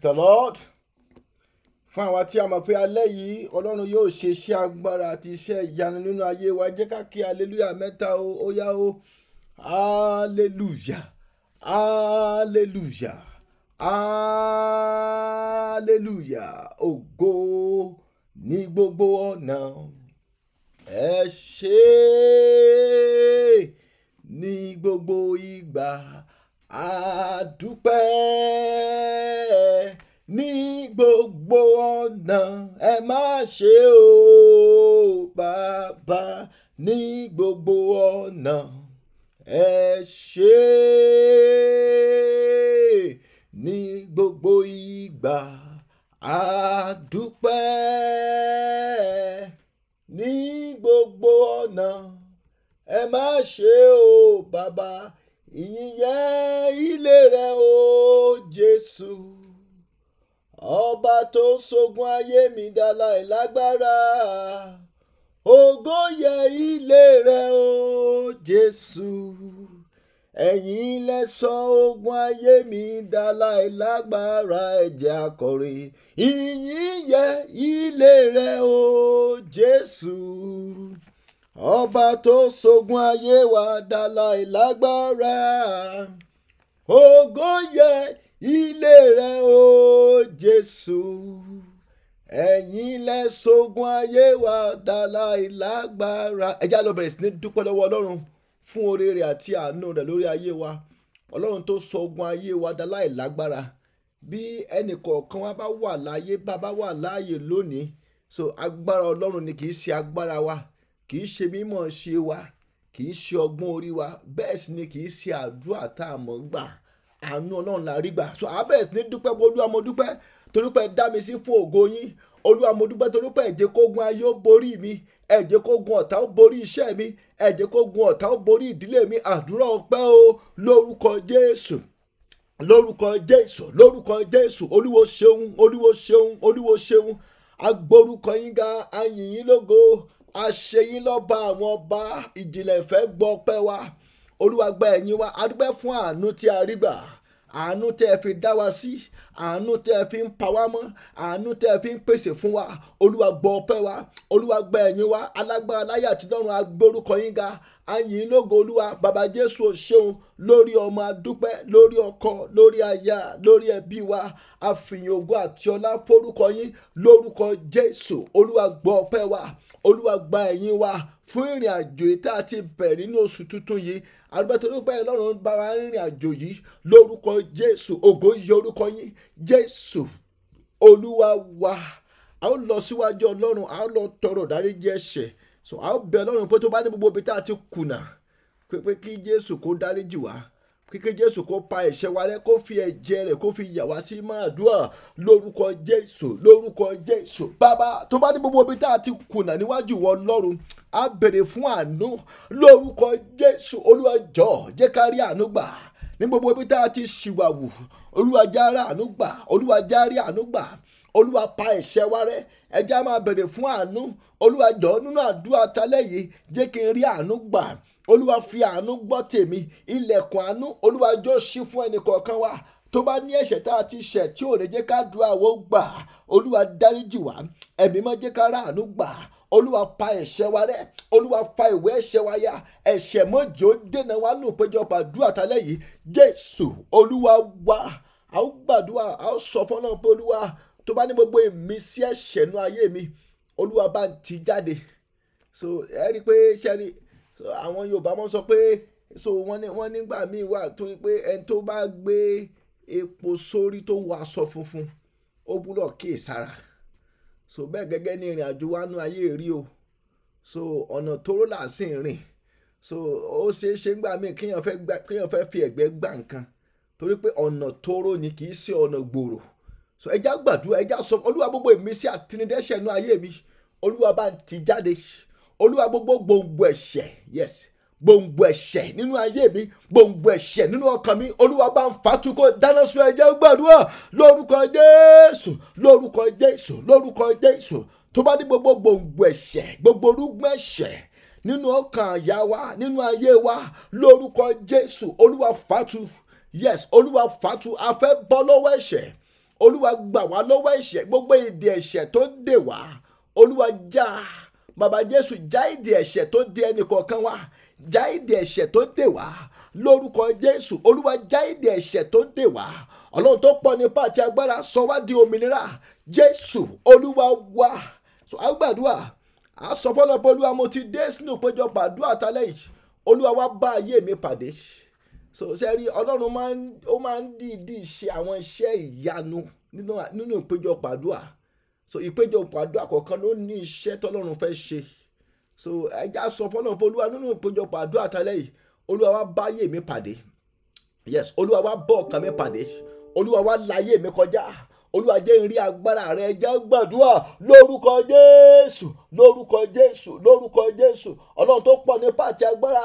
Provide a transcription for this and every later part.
the Lord fún àwa tí a mọ̀ pé alẹ́ yìí ọlọ́run yóò ṣe iṣẹ́ agbára àti iṣẹ́ ìyanu nínú ayé wa jẹ́ ká hallelujah mẹ́ta o ó yá o hallelujah hallelujah hallelujah ògo ní gbogbo ọ̀nà ẹ ṣé ní gbogbo ìgbà àdúpẹ́ ní gbogbo ọ̀nà ẹ má ṣe o bàbá ní gbogbo ọ̀nà ẹ ṣe ní gbogbo ìgbà àdúpẹ́ ní gbogbo ọ̀nà ẹ má ṣe o bàbá. ìyẹn ilé rẹ o Jésù ọba tó sogun ayé mi dala ìlágbára ògo yẹ ilé rẹ o Jésù ẹ̀yin lẹ sọ ogun ayé mi dala ìlágbára ẹ̀jẹ̀ akọrin ìyìn yẹ ilé rẹ o Jésù. ọba tó sogun ayé wa dàlà ìlágbára ògo yẹ ilé rẹ o jésù ẹ̀yin lẹ sogun ayé wa dàlà ìlágbára ẹjẹ́ lọ bẹ̀rẹ̀ sí ní dúpẹ́ lọ́wọ́ ọlọ́run fún oore rẹ̀ àti àánú rẹ̀ lórí ayé wa ọlọ́run tó sogun ayé wa dàlà ìlágbára bí ẹnì kọ̀ọ̀kan wa bá wà láàyè bá bá wà láàyè lónìí so agbára ọlọ́run ni kì í ṣe agbára wa kì í ṣe mímọ̀ ṣe wa kì í ṣe ọgbọ́n orí wa bẹ́ẹ̀ sì ni kì í ṣe àdúrà tá a mọ̀ gbà àánú ọlọ́run la rí gbà so abẹ́rẹ́ sí ní dúpẹ́ bó olúwa mo dúpẹ́ torípẹ́ dá mi sí fún ògo yín olúwa mo dúpẹ́ torípẹ́ ẹ̀jẹ̀ kógun ayé ó borí mi ẹ̀jẹ̀ kógun ọ̀tá ó borí iṣẹ́ mi ẹ̀jẹ̀ kógun ọ̀tá ó borí ìdílé mi àdúrà ọpẹ́ o lórúkọ jésù lórúkọ jésù lórúkọ jésù olúwo ṣeun olúwo ṣeun olúwo ṣeun agbórúkọ yín ga ayìnyín lógo àṣeyín àwọn ọba ìjìnlẹ̀ ìfẹ́ gbọ́ pẹ́ wa olúwa ẹ̀yìn wa adúpẹ́ fún àánú tí a rí gbà àánú tẹ́ ẹ fi dá wa sí àánú tẹ́ ẹ fi ń pa wá mọ́ àánú tẹ́ ẹ fi ń pèsè fún wa olúwa gbọ́ ọpẹ́ wa olúwa gba ẹ̀yìn wa alágbára láyé àtidọ́run agbórúkọ yín ga àyìn lógo olúwa bàbá jésù ò ṣeun lórí ọmọ adúpẹ́ lórí ọkọ lórí aya lórí ẹbí wa àfihàn ògo àti ọlá forúkọ yín lórúkọ jésù olúwa gbọ́ ọpẹ́ wa olúwa gba ẹ̀yìn wa fún ìrìn àjò yìí tá a ti bẹ̀rẹ̀ nínú oṣù tuntun yìí àgbẹ̀tẹ̀lógbà ọlọ́run bá wa rìnrìn àjò yìí lórúkọ jésù ògo yẹ orúkọ yín jésù olúwa wa a ó lọ síwájú ọlọ́run a ó lọ tọrọ dáríjì ẹ̀ṣẹ̀ so a ó bẹ ọlọ́run pé tó bá ní gbogbo ibi tá a ti kùnà pé kí jésù kó dáríjì wá kíkẹ́ jésù kó pa ẹ̀ṣẹ̀ wa rẹ́ kó fi ẹ̀jẹ̀ rẹ̀ kó fi yà wá sí máa dúà lórúkọ jésù lórúkọ jésù bàbá tó bá ní gbogbo ibi tá a ti kùnà níwájú wọn lọ́run á bèrè fún àánú lórúkọ jésù olúwa jọ̀ọ́ àánú gbà ní gbogbo ibi tá a ti ṣìwàwù olúwa já àánú gbà olúwa já àánú gbà olúwa pa ẹ̀ṣẹ̀ wa rẹ́ ẹjẹ́ a máa bèrè fún àánú olúwa jọ̀ọ́ nínú àdúrà talẹ́ yìí jẹ́ kí n rí àánú gbà olúwa fi àánú gbọ́ tèmi ilẹ̀kùn àánú olúwa jọ̀ọ́ ṣí fún ẹnì kọ̀ọ̀kan wa tó bá ní ẹ̀ṣẹ̀ tá a ti ṣẹ̀ tí ò lè jẹ́ ká dùn àwọn gbà olúwa dáríjì wá ẹ̀mí mọ́ jẹ́ ká ráàánú gbà olúwa pa ẹ̀ṣẹ̀ wa rẹ́ olúwa fa ìwé ẹ̀ṣẹ̀ wa ya ẹ̀ṣẹ̀ mọ́jọ́ dènà wa nù péjọpọ̀ àdúrà talẹ́ yìí jésù olúwa wá a ó gbàdúrà a ó sọ fọ́nà pé olúwa tó bá ní gbogbo ìmísí ẹ̀ṣẹ̀ nú ayé mi olúwa bá ń ti jáde so ẹ rí i pé ṣẹ́ni àwọn yorùbá mọ́ sọ pé so wọ́n ní wọ́n nígbà míì wà torí pé ẹni tó bá gbé epo sórí tó wọ aṣọ funfun ó gbúdọ̀ kíì sára so bẹ́ẹ̀ gẹ́gẹ́ ní ìrìn àjò wa nú ayé rí o so ọ̀nà tóró là sí rìn so ó ṣeé ṣe ńgbà míì kéèyàn fẹ́ fi ẹ̀gbẹ́ gbà nǹkan torí pé ọ̀nà tóró ni kì í ṣe ọ̀nà gbòòrò so ẹja gbàdúrà ẹja sọ olúwa gbogbo ìmísí àtinúdẹ́ṣẹ̀ inú ayé mi olúwa bá ń ti jáde olúwa gbogbo gbòǹgbò ẹ̀ṣẹ̀ yes gbòǹgbò ẹ̀ṣẹ̀ nínú ayé mi gbòǹgbò ẹ̀ṣẹ̀ nínú ọkàn mi olúwa bá ń fatukọ dáná sun ẹjẹ gbàdúrà lórúkọ jésù lórúkọ jésù lórúkọ jésù tó bá ní gbogbo gbòǹgbò ẹ̀ṣẹ̀ gbogbo orúgbọ́n ẹ̀ṣẹ̀ nínú ọkàn àyà wa nínú ayé wa lórúkọ jésù olúwa fatu yes olúwa fatu afẹ́ bọ́ lọ́wọ́ ẹ̀ṣẹ̀ olúwa gbà wá lọ́wọ́ ẹ̀ṣẹ̀ gbogbo ìdè ẹ̀ṣẹ̀ tó ń dè wá olúwa já bàbá jésù já ìdè ẹ̀ṣẹ̀ tó dè ẹnìkọ̀ọ̀kan wá já ìdè ẹ̀ṣẹ̀ tó dè wá lórúkọ jésù olúwa já ìdè ẹ̀ṣẹ̀ tó dè wá ọlọ́run tó pọ̀ nípa àti agbára sọ wá di òmìnira jésù olúwa wá so a gbàdúrà a sọ fọlọ́pọ̀ olúwa mo ti dé sínú ìpéjọpọ̀ àdúrà tálẹ̀ olúwa wá bá ayé mi pàdé so sẹ́rí ọlọ́run máa ń ó máa ń dìídì ṣe àwọn iṣẹ́ ìyanu nínú ìpéjọpọ̀ àdúrà so ìpéjọpọ̀ àdúrà kọ̀ọ̀kan ló ní iṣẹ́ tọ́lọ́run fẹ́ ṣe so ẹja sọ fọlọ́run pé olúwa nínú ìpéjọpọ̀ àdúrà tẹ́lẹ̀ yìí olúwa wá báyé mi pàdé yes olúwa wá bọ́ ọkàn mi pàdé olúwa wá láyé mi kọjá olúwa jẹ́ n rí agbára rẹ jẹ́ gbàdúrà lórúkọ jésù lórúkọ jésù lórúkọ jésù ọlọ́run tó pọ̀ nípa àti agbára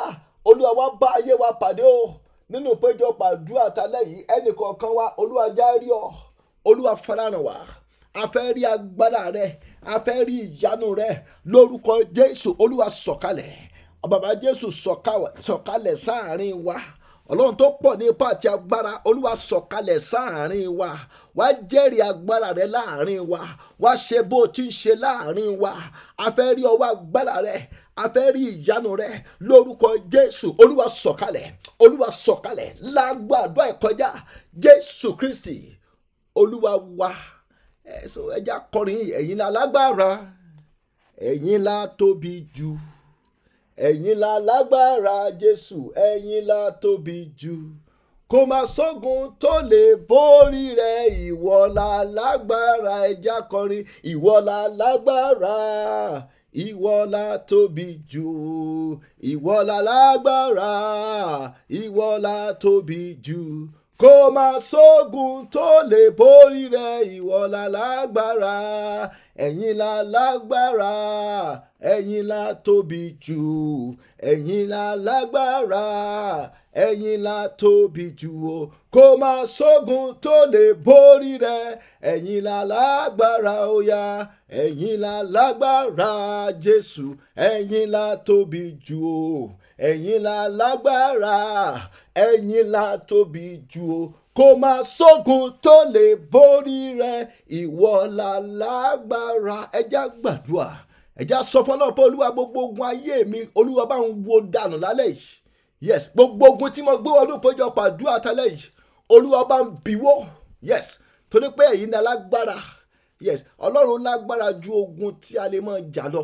olúwa wá bá ayé wa pàdé o nínú péjọpọ̀ àdúrà talẹ́ yìí ẹnìkọ̀ọ̀kan wa olúwa já rí ọ olúwa farahàn wá rí agbára rẹ a rí ìyanu rẹ lórúkọ jésù olúwa sọ̀kalẹ̀ bàbá jésù sọ̀kalẹ̀ sáàrin wa ọlọ́run tó pọ̀ ní ipá àti agbára olúwa sọ̀kalẹ̀ sáàrin wa wá jẹ́rìí agbára rẹ láàrin wa wá ṣe bó o ti ń ṣe láàrin wa a fẹ́ rí ọwọ́ agbára rẹ a fẹ́ rí ìyanu rẹ lórúkọ jésù olúwa sọ̀kalẹ̀ olúwa sọ̀kalẹ̀ lágbàdo àìkọjá jésù kristi olúwa wa ẹ̀sọ́ ẹja kọrin ẹ̀yin la lágbára ẹ̀yin la tóbi jù ẹ̀yin la lágbára jésù ẹ̀yin la tóbi jù kò má sógun tó lè borí rẹ ìwọ la lágbára ẹja kọrin ìwọ la lágbára ìwọ́lá tóbi jù ìwọ́lá lágbára ìwọ́lá tóbi jù kò má sógun tó lè borí rẹ ìwọ́lá lágbára ẹ̀yin la lágbára ẹ̀yin la tóbi jù ẹ̀yin la lágbára ẹ̀yin la tóbi jù o kò má sógun tó lè borí rẹ ẹ̀yin la lágbára oya ẹ̀yin la lágbára Jésù ẹ̀yin la tóbi jù o ẹ̀yin la lágbára ẹ̀yin la tóbi jù o kò má sógun tó lè borí rẹ ìwọ la lágbára ẹjá gbàdúrà ẹjá sọ fọlọ́pọ̀ olúwa gbogbo ogun ayé mi olúwa bá ń wo dànù lálẹ́ yìí yes gbogbo ogun tí mo gbé wọnú ìpéjọpọ̀ àdúrà àtàlẹ́ yìí olúwa bá ń bíwó yes torí pé ẹ̀yin ni alágbára yes ọlọ́run lágbára ju ogun tí a lè máa jà lọ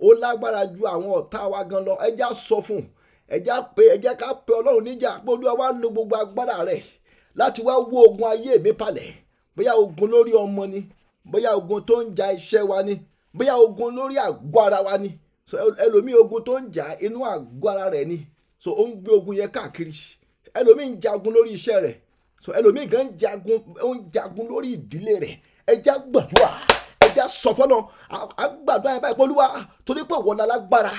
ó lágbára ju àwọn ọ̀tá wa gan lọ ẹja sọ fún ẹja pé ẹja ká pe ọlọ́run níjà pé olúwa wá lo gbogbo agbára rẹ̀ láti wá wó ogun ayé mi palẹ̀ bóyá ogun lórí ọmọ ni bóyá ogun tó ń ja iṣẹ́ wa ni bóyá ogun lórí àgọ́ ara wa ni ẹlòmíì ogun tó ń jà inú àgọ́ ara rẹ̀ ni so ó ń gbé ogun yẹn káàkiri ẹlòmíì ń jagun lórí iṣẹ́ rẹ̀ so ẹlòmíì gan jagun ó ń jagun lórí ìdílé rẹ̀ ẹja gbàdúrà ẹja sọ fọ́nà àgbàdúrà yẹn báyìí olúwa torí pé wọ́n lálágbára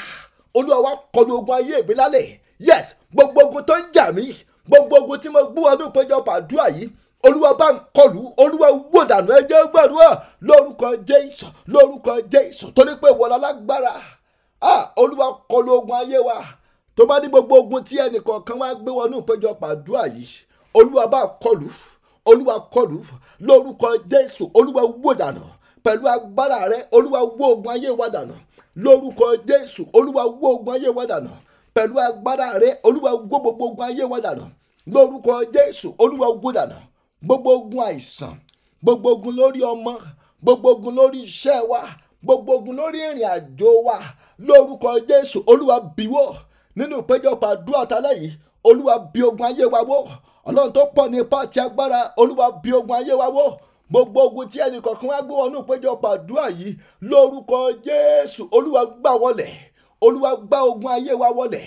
olúwa wa kọlu ogun ayé mi lálẹ́ yes gbogbo ogun tó ń jà mí gbogbo ogun tí mo gbúwọ́ ọdún péjọ bàdúrà yìí olúwa bá ń kọlù olúwa wò dànù ẹjẹ gbàdúrà lórúkọ jésù lórúkọ jésù torí pé wọlá lágbára ah, olúwa kọlù ogun ayé wa tó bá ní gbogbo ogun tí ẹnìkọ̀ọ̀kan wá gbé wọnú ìpéjọpọ̀ àdúrà yìí olúwa bá kọlù olúwa kọlù lórúkọ jésù olúwa wó dànù pẹ̀lú agbára rẹ olúwa wó ogun ayé wa dànù lórúkọ jésù olúwa wó ogun ayé wa dànù pẹ̀lú agbára rẹ olúwa wó gbogbo ogun ayé wa dànù lórúkọ jésù olúwa wó dànù gbogbo ogun àìsàn gbogbo ogun lórí ọmọ gbogbo ogun lórí iṣẹ́ wa gbogbo ogun lórí ìrìn àjò wa lórúkọ jésù olúwa bíwọ́ nínú ìpéjọpọ̀ àdúrà tálẹ̀ yìí olúwa bí ogun ayé wa wó ọlọ́run tó pọ̀ ní ipá àti agbára olúwa bí ogun ayé wa wó gbogbo ogun tí ẹnì kọ̀ọ̀kan wá gbé wọnú ìpéjọpọ̀ àdúrà yìí lórúkọ jésù olúwa gbà wọlẹ̀ olúwa gbà ogun ayé wa wọlẹ̀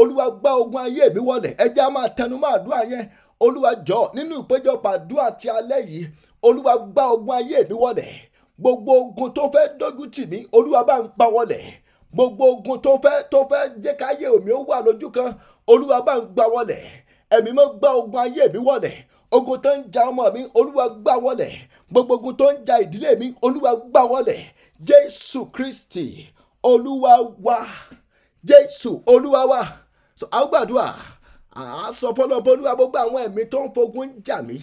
olúwa gbà ogun ayé mi wọlẹ̀ ẹ jẹ́ á máa tẹnumọ́ àdúrà yẹn olúwa jọ nínú ìpéjọpọ̀ àdúrà ti alẹ́ yìí olúwa gbà ogun ayé mi wọlẹ̀ gbogbo ogun tó fẹ́ dójú tì mí olúwa bá ń pa wọlẹ̀ gbogbo ogun tó fẹ́ tó fẹ́ jẹ́ káyé omi ó wà lójú kan olúwa bá ń gbà wọlẹ̀ ẹ̀mí mọ́ gbà ogun ayé mi wọlẹ̀ ogun tó ń ja ọmọ mi olúwa gbà wọlẹ̀ gbogbo ogun tó ń ja ìdílé mi olúwa gbà wọlẹ̀ jésù kristi olúwa wa jésù olúwa wa so a gbàdúrà à á sọ fọlọ́pọ̀ olúwa gbogbo àwọn ẹ̀mí tó ń fogun jà mí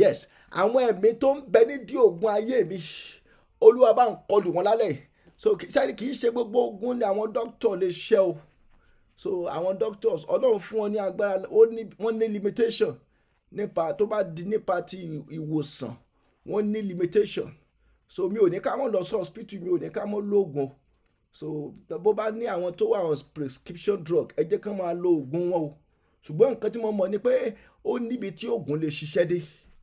yes àwọn ẹ̀mí tó ń bẹ di ogun ayé mi olúwa bá ń kọlù wọn lálẹ́ yìí so sẹ́ni kì í ṣe gbogbo ogun ni àwọn doctor lè ṣe o so àwọn doctors ọlọ́run fún wọn ní agbára wọ́n ní limitation nípa tó bá di nípa ti ìwòsàn wọ́n ní limitation so mi ò ní ká mọ́ lọ sí hospital mi ò ní ká mọ́ lóògùn so bó bá ní àwọn tó wà on prescription drug ẹ jẹ́ kán máa lo oògùn wọn o ṣùgbọ́n nǹkan tí mo mọ̀ ni pé ó níbi tí oògùn lè ṣiṣẹ́ dé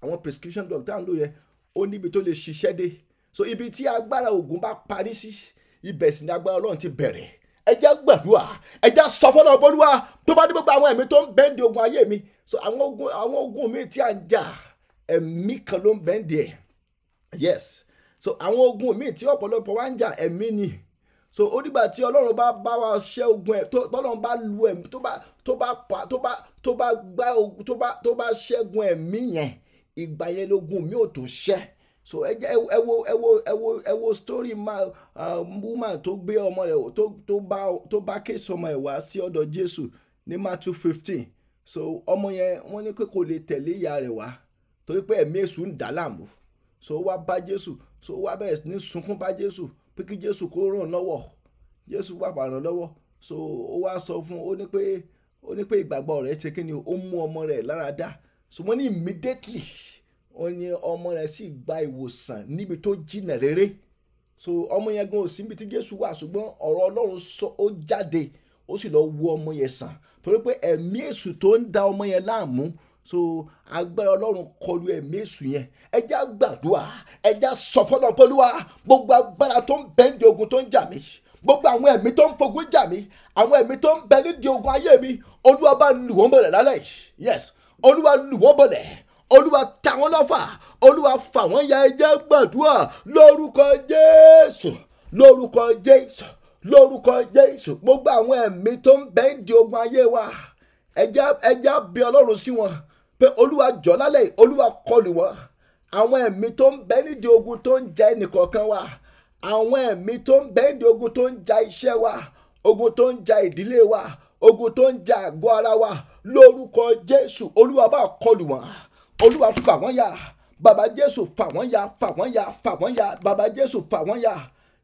àwọn prescription drug tá à ń lò yẹn ó níbi tó lè ṣiṣẹ́ dé so ibi tí agbára ogun bá parí sí ibẹ̀ sì ni agbára ọlọ́run ti bẹ̀rẹ̀ ẹja gbàdúrà ẹja sọ fọlọ bọlúwa tó bá dé gbogbo àwọn ẹ̀mí tó ń bẹ́ǹdì ogun ayé mi so àwọn ogun àwọn ogun mi tí a ń jà ẹ̀mí kan ló ń bẹ́ǹdì ẹ̀ yes so àwọn ogun mi tí ọ̀pọ̀lọpọ̀ wa ń jà ẹ̀mí ni so ó dìgbà tí ọlọ́run bá bá wa ṣẹ́ ogun ẹ̀ tọ́lọ́run bá lu ẹ̀mí tó bá tó bá pa tó bá tó bá gbá ogun tó bá tó bá ṣẹ́gun ẹ̀mí yẹn ìgbà yẹn lógun mi ò tó ṣẹ́ so ẹ jẹ́ ẹ wo ẹ wo ẹ wo ẹ wo story ma woman tó gbé ọmọ rẹ̀ tó tó bá tó bá kéésì ọmọ ẹ̀ wá sí ọ̀dọ̀ Jésù ní Matthew fifteen so ọmọ yẹn wọ́n ní pé kò lè tẹ̀lé ìyá rẹ̀ wá torí pé ẹ̀mí èṣù ń dà láàmú so ó wá bá Jésù so ó wá bẹ̀rẹ̀ sí ní sunkún bá Jésù pé kí Jésù kó ràn lọ́wọ́ Jésù pàpà ràn lọ́wọ́ so ó wá sọ fún ó ní pé ó ní pé ìgbàgbọ́ rẹ̀ ti kí ni ó mú ọmọ rẹ̀ lára dá so wọ́n ní immediately ó ní ọmọ rẹ̀ sì gba ìwòsàn níbi tó jìnà réré so ọmọ yẹn gan ò sí níbi tí Jésù wà ṣùgbọ́n ọ̀rọ̀ Ọlọ́run sọ ó jáde ó sì lọ wo ọmọ yẹn sàn torí pé ẹ̀mí èṣù tó ń da ọmọ yẹn láàmú so agbára ọlọ́run kọlu ẹ̀mí èṣù yẹn ẹjẹ́ àgbàdua ẹjẹ́ sọ̀fọ́nà pẹ̀lúwa gbogbo agbára tó ń bẹ nídìí ogun tó ń jà mí gbogbo àwọn ẹ̀mí tó ń fogun jà mí àwọn ẹ̀mí tó ń bẹ nídìí ogun ayé mi olúwa bá lù wọ́n bọ̀lẹ̀ lálẹ́ yes olúwa lù wọ́n bọ̀lẹ̀ olúwa ta wọ́n lọ́fà olúwa fà wọ́n ya ẹ̀jẹ̀ gbàdúrà lórúkọ jésù lórúkọ jésù lórúkọ jésù gbogbo àwọn ẹ̀mí tó ń bẹ di ogun ayé wa ẹ̀jẹ̀ bí ọlọ́run sí wọn pé olúwa jọ̀ lálẹ́ olúwa kọlù wọn àwọn ẹ̀mí tó ń bẹ nídìí ogun tó ń ja ẹnìkọ̀ọ̀kan wa àwọn ẹ̀mí tó ń bẹ nídìí ogun tó ń ja iṣẹ́ wa ogun tó ń ja ìdílé wa ogun tó ń ja àgọ́ ara wa lórúkọ jésù olúwa bá kọlù wọn olúwa fà wọ́n ya bàbá jésù fà wọ́n ya fà wọ́n ya fà wọ́n ya bàbá jésù fà wọ́n ya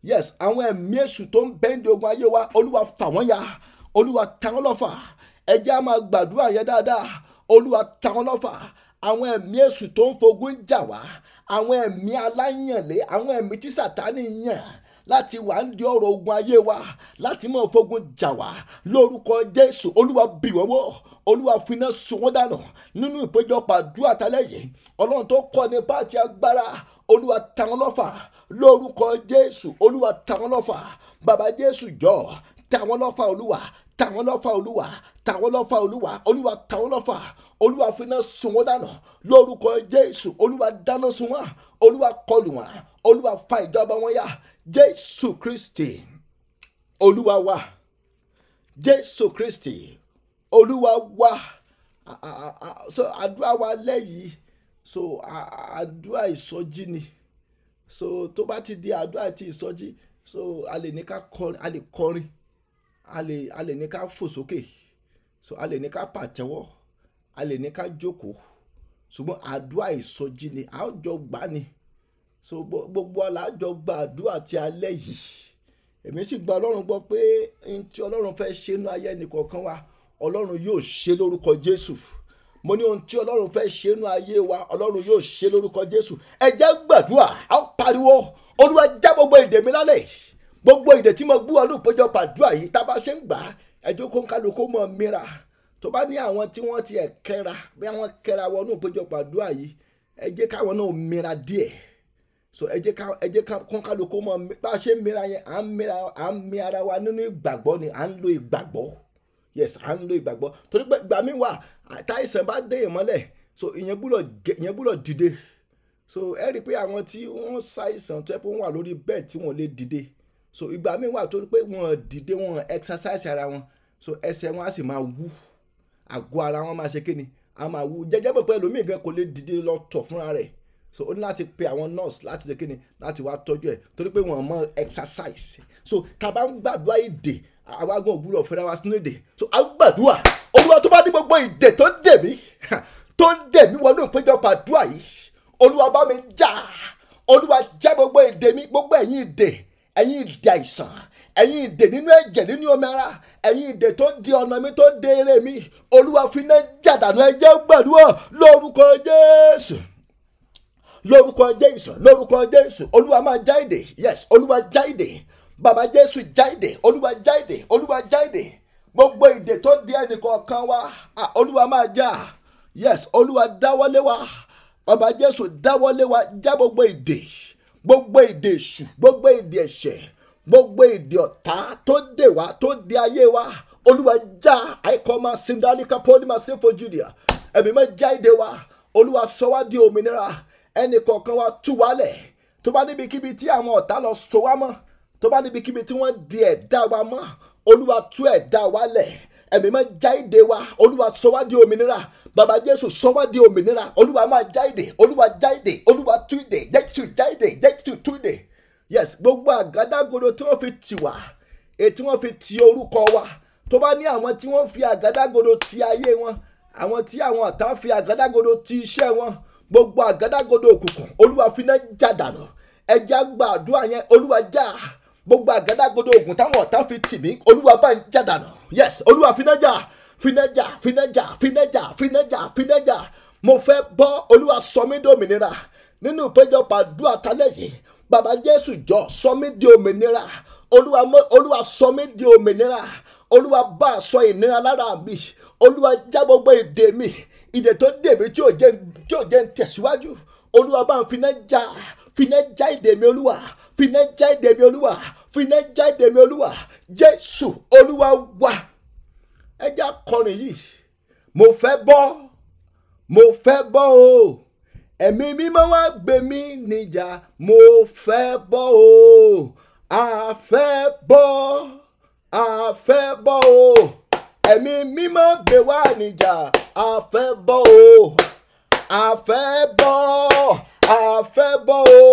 yes àwọn ẹ̀mí èṣù tó ń bẹ́ńdé ogun ayé wa olúwa fà wọ́n ya olúwa ta wọ́n lọ́fà ẹ jẹ́ á máa gbàdúrà yẹn dáadáa olúwa ta wọ́n lọ́fà àwọn ẹ̀mí èṣù tó ń fogun jà wá àwọn ẹ̀mí aláyànlé àwọn ẹ̀mí tí sàtánì yàn láti wà ń di ọ̀rọ̀ ogun ayé wa láti máa fogun jà wá lórúkọ jésù olúwa bì wọ́n wọ́ olúwa finá sun wọ́n dànù nínú ìpéjọpọ̀ àdúrà tálẹ̀ yìí ọlọ́run tó kọ́ nípa àti agbára olúwa ta wọ́n lọ́fà lórúkọ jésù olúwa ta wọ́n lọ́fà bàbá jésù jọ ta wọ́n lọ́fà olúwa ta wọ́n lọ́fà olúwa ta wọ́n lọ́fà olúwa olúwa ta wọ́n lọ́fà olúwa finá sun wọ́n dànù lórúkọ jésù olúwa dáná sun olúwa kọlù wọ́n olúwa fa ìjọba wọn yá jésù kristi olúwa wa jésù kristi olúwa wá so àdúrà wa lẹ́yìn so àdúrà ìsọjí ni so tó bá ti di àdúrà ti ìsọjí so a lè ní ká kọrin a lè kọrin a lè a lè ní ká fò sókè so a lè ní ká pàtẹ́wọ́ a lè ní ká jókòó ṣùgbọ́n àdúrà ìsọjí ni a jọ gbà ni so gbogbo alájọ gba àdúrà ti alẹ́ yìí èmi sì gba ọlọ́run gbọ́ pé n tí ọlọ́run fẹ́ ṣe nínú ayé ẹnìkọ̀ọ̀kan wa ọlọ́run yóò ṣe lórúkọ jésù mo ní ohun tí ọlọ́run fẹ́ ṣe nínú ayé wa ọlọ́run yóò ṣe lórúkọ jésù ẹ jẹ́ gbàdúrà á pariwo olúwa já gbogbo ìdè mi lálẹ́ gbogbo ìdè tí mo gbúwọ́ ló péjọ pàdúrà yìí tá a bá ṣe ń gbà á ẹjọ́ kó ń kálukú mọ̀ mìíra tó bá ní àwọn tí wọ́n ti ẹ̀ kẹ́ra bí àwọn kẹ́ra wọnú péjọ pàdúrà yìí ẹ jẹ́ káwọn náà mìíra díẹ̀ so ẹ jẹ́ ká ẹ jẹ́ ká kó ń kálukú mọ̀ bá a ṣe ń mìíra yẹn à ń mìíra wa nínú ìgbàgbọ́ ni à ń lo ìgbàgbọ́ yes à ń lo ìgbàgbọ́ torí pé ìgbà mi wà táìsàn bá dé ìmọ́lẹ̀ so ìyẹn gbúdọ̀ ìyẹn gbúdọ̀ dìde so ẹ rí i pé àwọn tí wọ́n ṣàìsàn tó yẹ pé wọ́n wà lórí bẹ́ẹ̀ tí wọ́n lè dìde so ìgbà mi wà torí pé wọ́n dìde wọ́n exercise ara wọn so ẹsẹ̀ wọn á sì máa wú àgọ́ ara wọn máa ṣe kíni á máa wú jẹjẹ pé ẹlòmíì gan kò lè dìde lọ tọ̀ fúnra rẹ̀ so ó ní láti pe àwọn nurse láti ṣe kíni láti wá tọ́jú ẹ̀ torí pé wọ́n mọ exercise so tá a bá ń gbàdúrà èdè àwa gan ògbúrò fẹ́ra wa sínú èdè so a gbàdúrà olúwa tó bá ní gbogbo ìdè tó dè mí tó ń dè mí wọnú ìpéjọpọ̀ àdúrà yìí olúwa bá mi jà olúwa já gbogbo ìdè mi gbogbo ẹ̀yin ìdè ẹ̀yin ìdè àìsàn ẹ̀yin ìdè nínú ẹ̀jẹ̀ nínú omi ara ẹ̀yin ìdè tó di ọ̀nà mi tó de eré mi olúwa fi iná jàdánù ẹ̀jẹ̀ gbàdúrà lórúkọ jésù lórúkọ jésù lórúkọ jésù olúwa máa já ìdè yes olúwa já ìdè Baba jésù jáde olúwa jáde olúwa jáde gbogbo ìdè tó di ẹnìkọ̀ọ̀kan wa olúwa máa já yes olúwa dáwọ́lé wa bàbá jésù dáwọ́lé wa já gbogbo ìdè gbogbo ìdè èṣù gbogbo ìdè ẹ̀ṣẹ̀ gbogbo ìdè ọ̀tá tó dè wá tó di ayé wa olúwa já àìkọ́ máa sin dáríkà pọ́lí máa sin fojú dìá ẹ̀mí máa já ìdè wa olúwa sọ wá di òmìnira ẹnìkọ̀ọ̀kan wa tú wálẹ̀ tó bá níbikíbi tí àwọn ọ̀tá lọ so wá mọ́ tó bá níbi kíbi tí wọ́n di ẹ̀dá wa mọ́ olúwa tú ẹ̀dá wa lẹ̀ ẹ̀mí máa já ìdè wa olúwa sọ di òmìnira bàbá jésù sọ wá di òmìnira olúwa máa já ìdè olúwa já ìdè olúwa tú ìdè jésù já ìdè jésù tú ìdè yes gbogbo àgádágodo tí wọ́n fi tì wá èyí wọ́n fi ti orúkọ wa tó bá ní àwọn tí wọ́n fi àgádágodo ti ayé wọn àwọn tí àwọn ọ̀tá fi àgádágodo ti iṣẹ́ wọn gbogbo àgádágodo òkùnkùn olúwa fi náà já dànù ẹja gbàdúrà yẹn olúwa já gbogbo àgádágodo oògùn táwọn ọ̀tá fi tì mí olúwa bá ń jà dànù yes olúwa finájà finájà finájà finájà finájà finájà mo fẹ́ bọ́ olúwa sọ mí di òmìnira nínú ìpéjọpọ̀ àdúrà tálẹ̀ yìí bàbá jésù jọ sọ mí di òmìnira olúwa olúwa sọ mí di òmìnira olúwa bá aṣọ ìnira lára mi olúwa já gbogbo èdè mi ìdè tó dè mí tí ò jẹ́ ń tẹ̀síwájú olúwa bá ń finá já finá já ìdè mi olúwa finá já ìdè mi olúwa finá jáde mi olúwa jésù olúwa wà ẹja kọrin yìí mo fẹ́ bọ́ mo fẹ́ bọ́ o ẹ̀mí mímọ́ wá gbé mi níjà mo fẹ́ bọ́ o a fẹ́ bọ́ a fẹ́ bọ́ o ẹ̀mí mímọ́ gbé wá níjà a fẹ́ bọ́ o a fẹ́ bọ́ a fẹ́ bọ́ o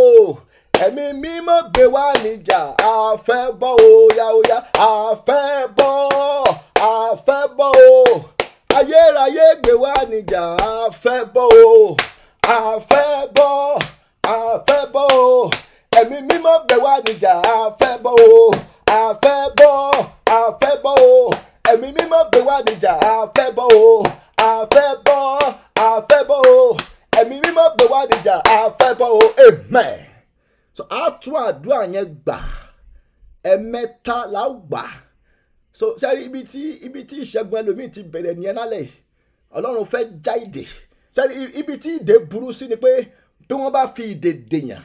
ẹ̀mí mímọ́ gbé wá níjà àfẹ́ bọ́ oya oya àfẹ́ bọ́ àfẹ́ bọ́ o ayérayé gbé wá níjà àfẹ́ bọ́ o àfẹ́ bọ́ àfẹ́ bọ́ o ẹ̀mí mímọ́ gbé wá níjà àfẹ́ bọ́ o àfẹ́ bọ́ àfẹ́ bọ́ o ẹ̀mí mímọ́ gbé wá níjà àfẹ́ bọ́ o àfẹ́ bọ́ àfẹ́ bọ́ o ẹ̀mí mímọ́ gbé wá níjà àfẹ́ bọ́ o amen so a tún àdúrà yẹn gbà ẹ̀mẹ́ta la gbà so sẹ́rí ibi tí ibi tí ìṣẹ́gun ẹlòmíì ti bẹ̀rẹ̀ nìyẹn lálẹ́ ọlọ́run fẹ́ já ìdè sẹ́rí ibi tí ìdè burú sí ni pé bí wọ́n bá fi ìdè dèyàn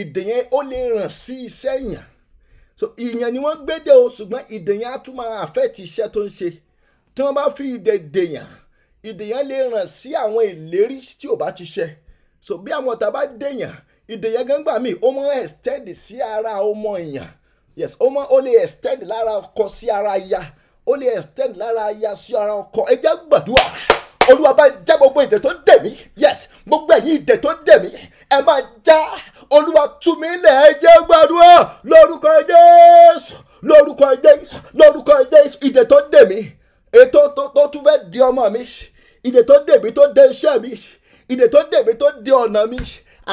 ìdè yẹn ó lè ràn sí iṣẹ́ yàn so ìyẹn ni wọ́n gbédè o ṣùgbọ́n ìdè yẹn á tún máa àfẹ́ẹ̀tì iṣẹ́ tó ń ṣe tí wọ́n bá fi ìdè dèyàn ìdè yẹn lè ràn sí àwọn ìlérí tí ò bá ti ṣẹ so bí àwọn ọ̀tá bá dèyàn ìdèyẹ gángbà mi ó mọ extend sí ara ọmọ èèyàn yes ó mọ ó lè extend lára ọkọ sí ara aya ó lè extend lára aya sí ara ọkọ ẹ jẹ́ gbàdúrà olúwa bá já gbogbo ìdè tó dè mí yes gbogbo ẹ̀yin ìdè tó dè mí ẹ máa já olúwa tú mi lẹ̀ ẹ jẹ́ gbàdúrà lórúkọ jésù lórúkọ jésù lórúkọ jésù ìdè tó dè mí ètò tó tún fẹ́ di ọmọ mi ìdè tó dè mí tó dè iṣẹ́ mi ìdè tó dè mí tó di ọ̀nà mi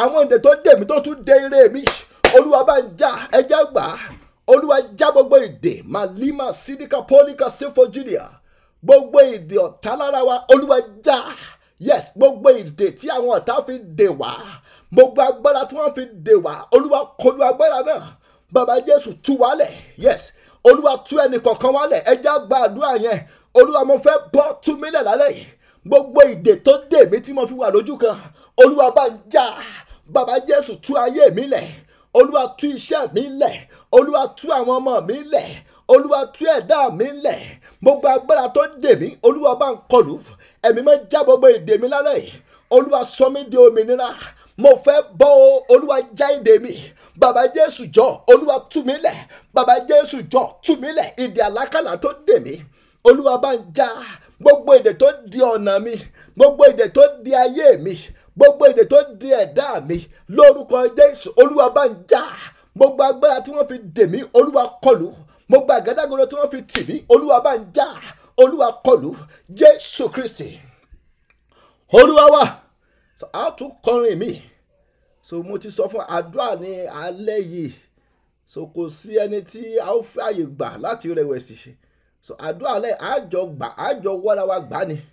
àwọn ìdè tó dè mí tó tún dè ire mi olúwa bá ń jà ẹjẹ́ gbà á olúwa já gbogbo ìdè màlímà sídìkà pólíkà sífojúlìà gbogbo ìdè ọ̀tá lára wa olúwa já yes gbogbo ìdè tí àwọn ọ̀tá fi dè wá gbogbo agbára tí wọ́n fi dè wá olúwa kọlù agbára náà bàbá jésù tú wálẹ̀ yes olúwa tú ẹnì kọ̀ọ̀kan wálẹ̀ ẹjẹ́ àgbà àdúrà yẹn olúwa mo fẹ́ bọ́ tú mílẹ̀ lálẹ́ yìí gbogbo ìdè tó dè tí mo fi wà lójú kan olúwa bá ń já bàbá jésù tú ayé mi lẹ̀ olúwa tú iṣẹ́ mi lẹ̀ olúwa tú àwọn ọmọ mi lẹ̀ olúwa tú ẹ̀dá mi lẹ̀ gbogbo agbára tó dè mí olúwa bá ń kọlù ẹ̀mí máa já gbogbo èdè mi lálẹ́ olúwa sọ mí di òmìnira mo fẹ́ bọ́ o olúwa já èdè mi bàbá jésù jọ olúwa tú mi lẹ̀ bàbá jésù jọ tú mi lẹ̀ ìdè àlákàlà tó dè mí olúwa bá ń já gbogbo èdè tó di ọ̀nà mi gbogbo èdè tó di ayé mi gbogbo èdè tó di ẹ̀dá mi lórúkọ jésù olúwa bá ń jà gbogbo agbára tí wọ́n fi dè mí olúwa kọlù gbogbo àgádágodo tí wọ́n fi tì mí olúwa bá ń jà olúwa kọlù jésù kristi olúwa wa a tún kọrin mi so mo ti sọ fún àdúrà ní alẹ́ yìí so kò sí ẹni tí a ó fẹ́ àyè gbà láti rẹ̀wẹ̀sì so àdúrà alẹ́ àjọ gbà àjọ wọ́ra wa gbà ni. So,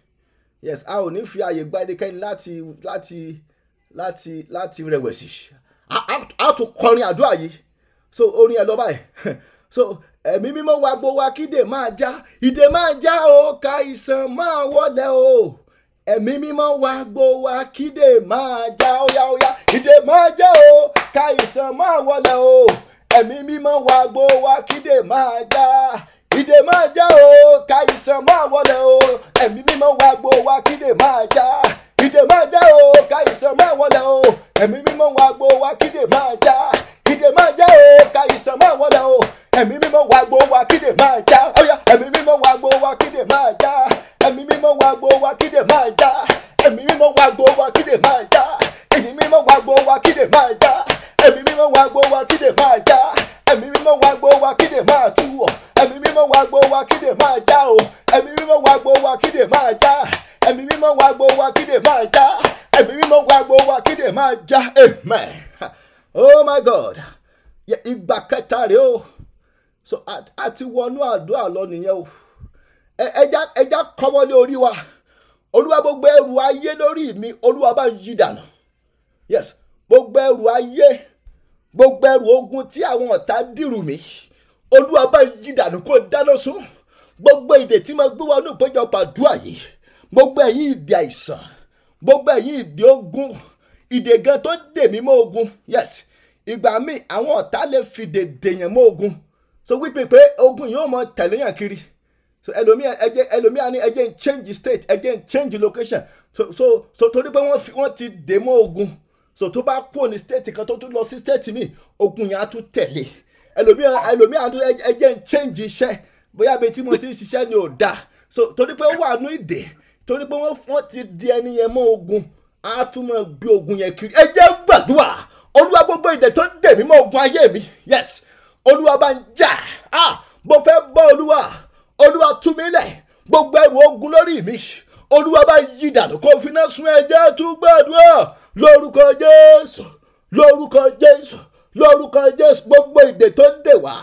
yes a ò ní fi àyè gba ẹnikẹ́ni láti láti láti láti rẹ̀wẹ̀sì a tún kọrin àdúrà yìí so orin ẹ lọ báyìí so ẹ̀mí mímọ́ wa gbó wa kídè máa já ìdè máa já o ká ìsàn máa wọlé o ẹ̀mí mímọ́ wa gbó wa kídè máa já oya óyá ìdè máa já o ká ìsàn máa wọlé o ẹ̀mí mímọ́ wa gbó wa kídè máa já ìdè máa já o kàìsàn máa wọlé o ẹ̀mí mímọ́ wá gbó wa kídè máa já ìdè máa já o kàìsàn máa wọlé o ẹ̀mí mímọ́ wá gbó wa kídè máa já ìdè máa já o kàìsàn máa wọlé o ẹ̀mí mímọ́ wá gbó wa kídè máa já ọ̀yà ẹ̀mí mímọ́ wá gbó wa kídè máa já ẹ̀mí mímọ́ wá gbó wa kídè máa já ẹ̀mí mímọ́ wá gbó wa kídè máa já ẹ̀mí mímọ́ wá gbó wa kídè máa já ẹ̀mí mímọ́ wá gbó wa kídè máa já ẹ̀mí mímọ́ wá gbó wa kídè máa tú ọ̀ ẹ̀mí mímọ́ wa gbó wa kídè máa já o ẹ̀mí mímọ́ wa gbó wa kídè máa já ẹ̀mí mímọ́ wa gbó wa kídè máa já ẹ̀mí mímọ́ wa gbó wa kídè máa já amen oh my god ìgbà kẹta rèé o so àti wọnú àdúrà lọ nìyẹn o ẹja ẹja kọ́wọ́ lé orí wa olúwa gbogbo ẹrù ayé lórí mi olúwa bá ń yí dànù yes gbogbo ẹrù ayé gbogbo ẹrù ogun tí àwọn ọ̀tá dìrù mi olúwa bá yí dànù kó dáná sun gbogbo ìdè tí mo gbé wa ní ìpéjọpọ̀ àdúrà yìí gbogbo ẹ̀yin ìdè àìsàn gbogbo ẹ̀yin ìdè ogun ìdè gan tó dè mí mọ́ ogun yes ìgbà míì àwọn ọ̀tá lè fìdè dèyàn mọ́ ogun so wípé pé ogun yìí ó mọ tẹ̀lé yàn kiri so ẹlòmíà ẹjẹ ẹlòmíà ni ẹjẹ ń change state ẹjẹ ń change location so so so torí pé wọ́n wọ́n ti dè mọ́ ogun so tó bá kúrò ní state kan tó tún lọ sí state míì ogun yẹn á tún tẹ̀lé ẹlòmíràn ẹlòmíràn tó ẹjẹ́ ń change iṣẹ́ bóyá bíi tí mo ti ń ṣiṣẹ́ ni ò dáa so torí pé ó wà ní ìdè torí pé wọ́n ti di ẹni yẹn mọ́ ogun á tún máa gbé ogun yẹn kiri ẹjẹ́ gbàdúrà olúwa gbogbo ìdè tó ń dè mí mọ́ ogun ayé mi yes olúwa bá ń jà ah mo fẹ́ bọ́ olúwa olúwa tú mi lẹ̀ gbogbo ẹrù ogun lórí mi olúwa bá yí dànù kó fi náà sun ẹjẹ́ tún gbàdúrà lórúkọ jésù lórúkọ jésù lórúkọ jésù gbogbo ìdè tó ń dè wá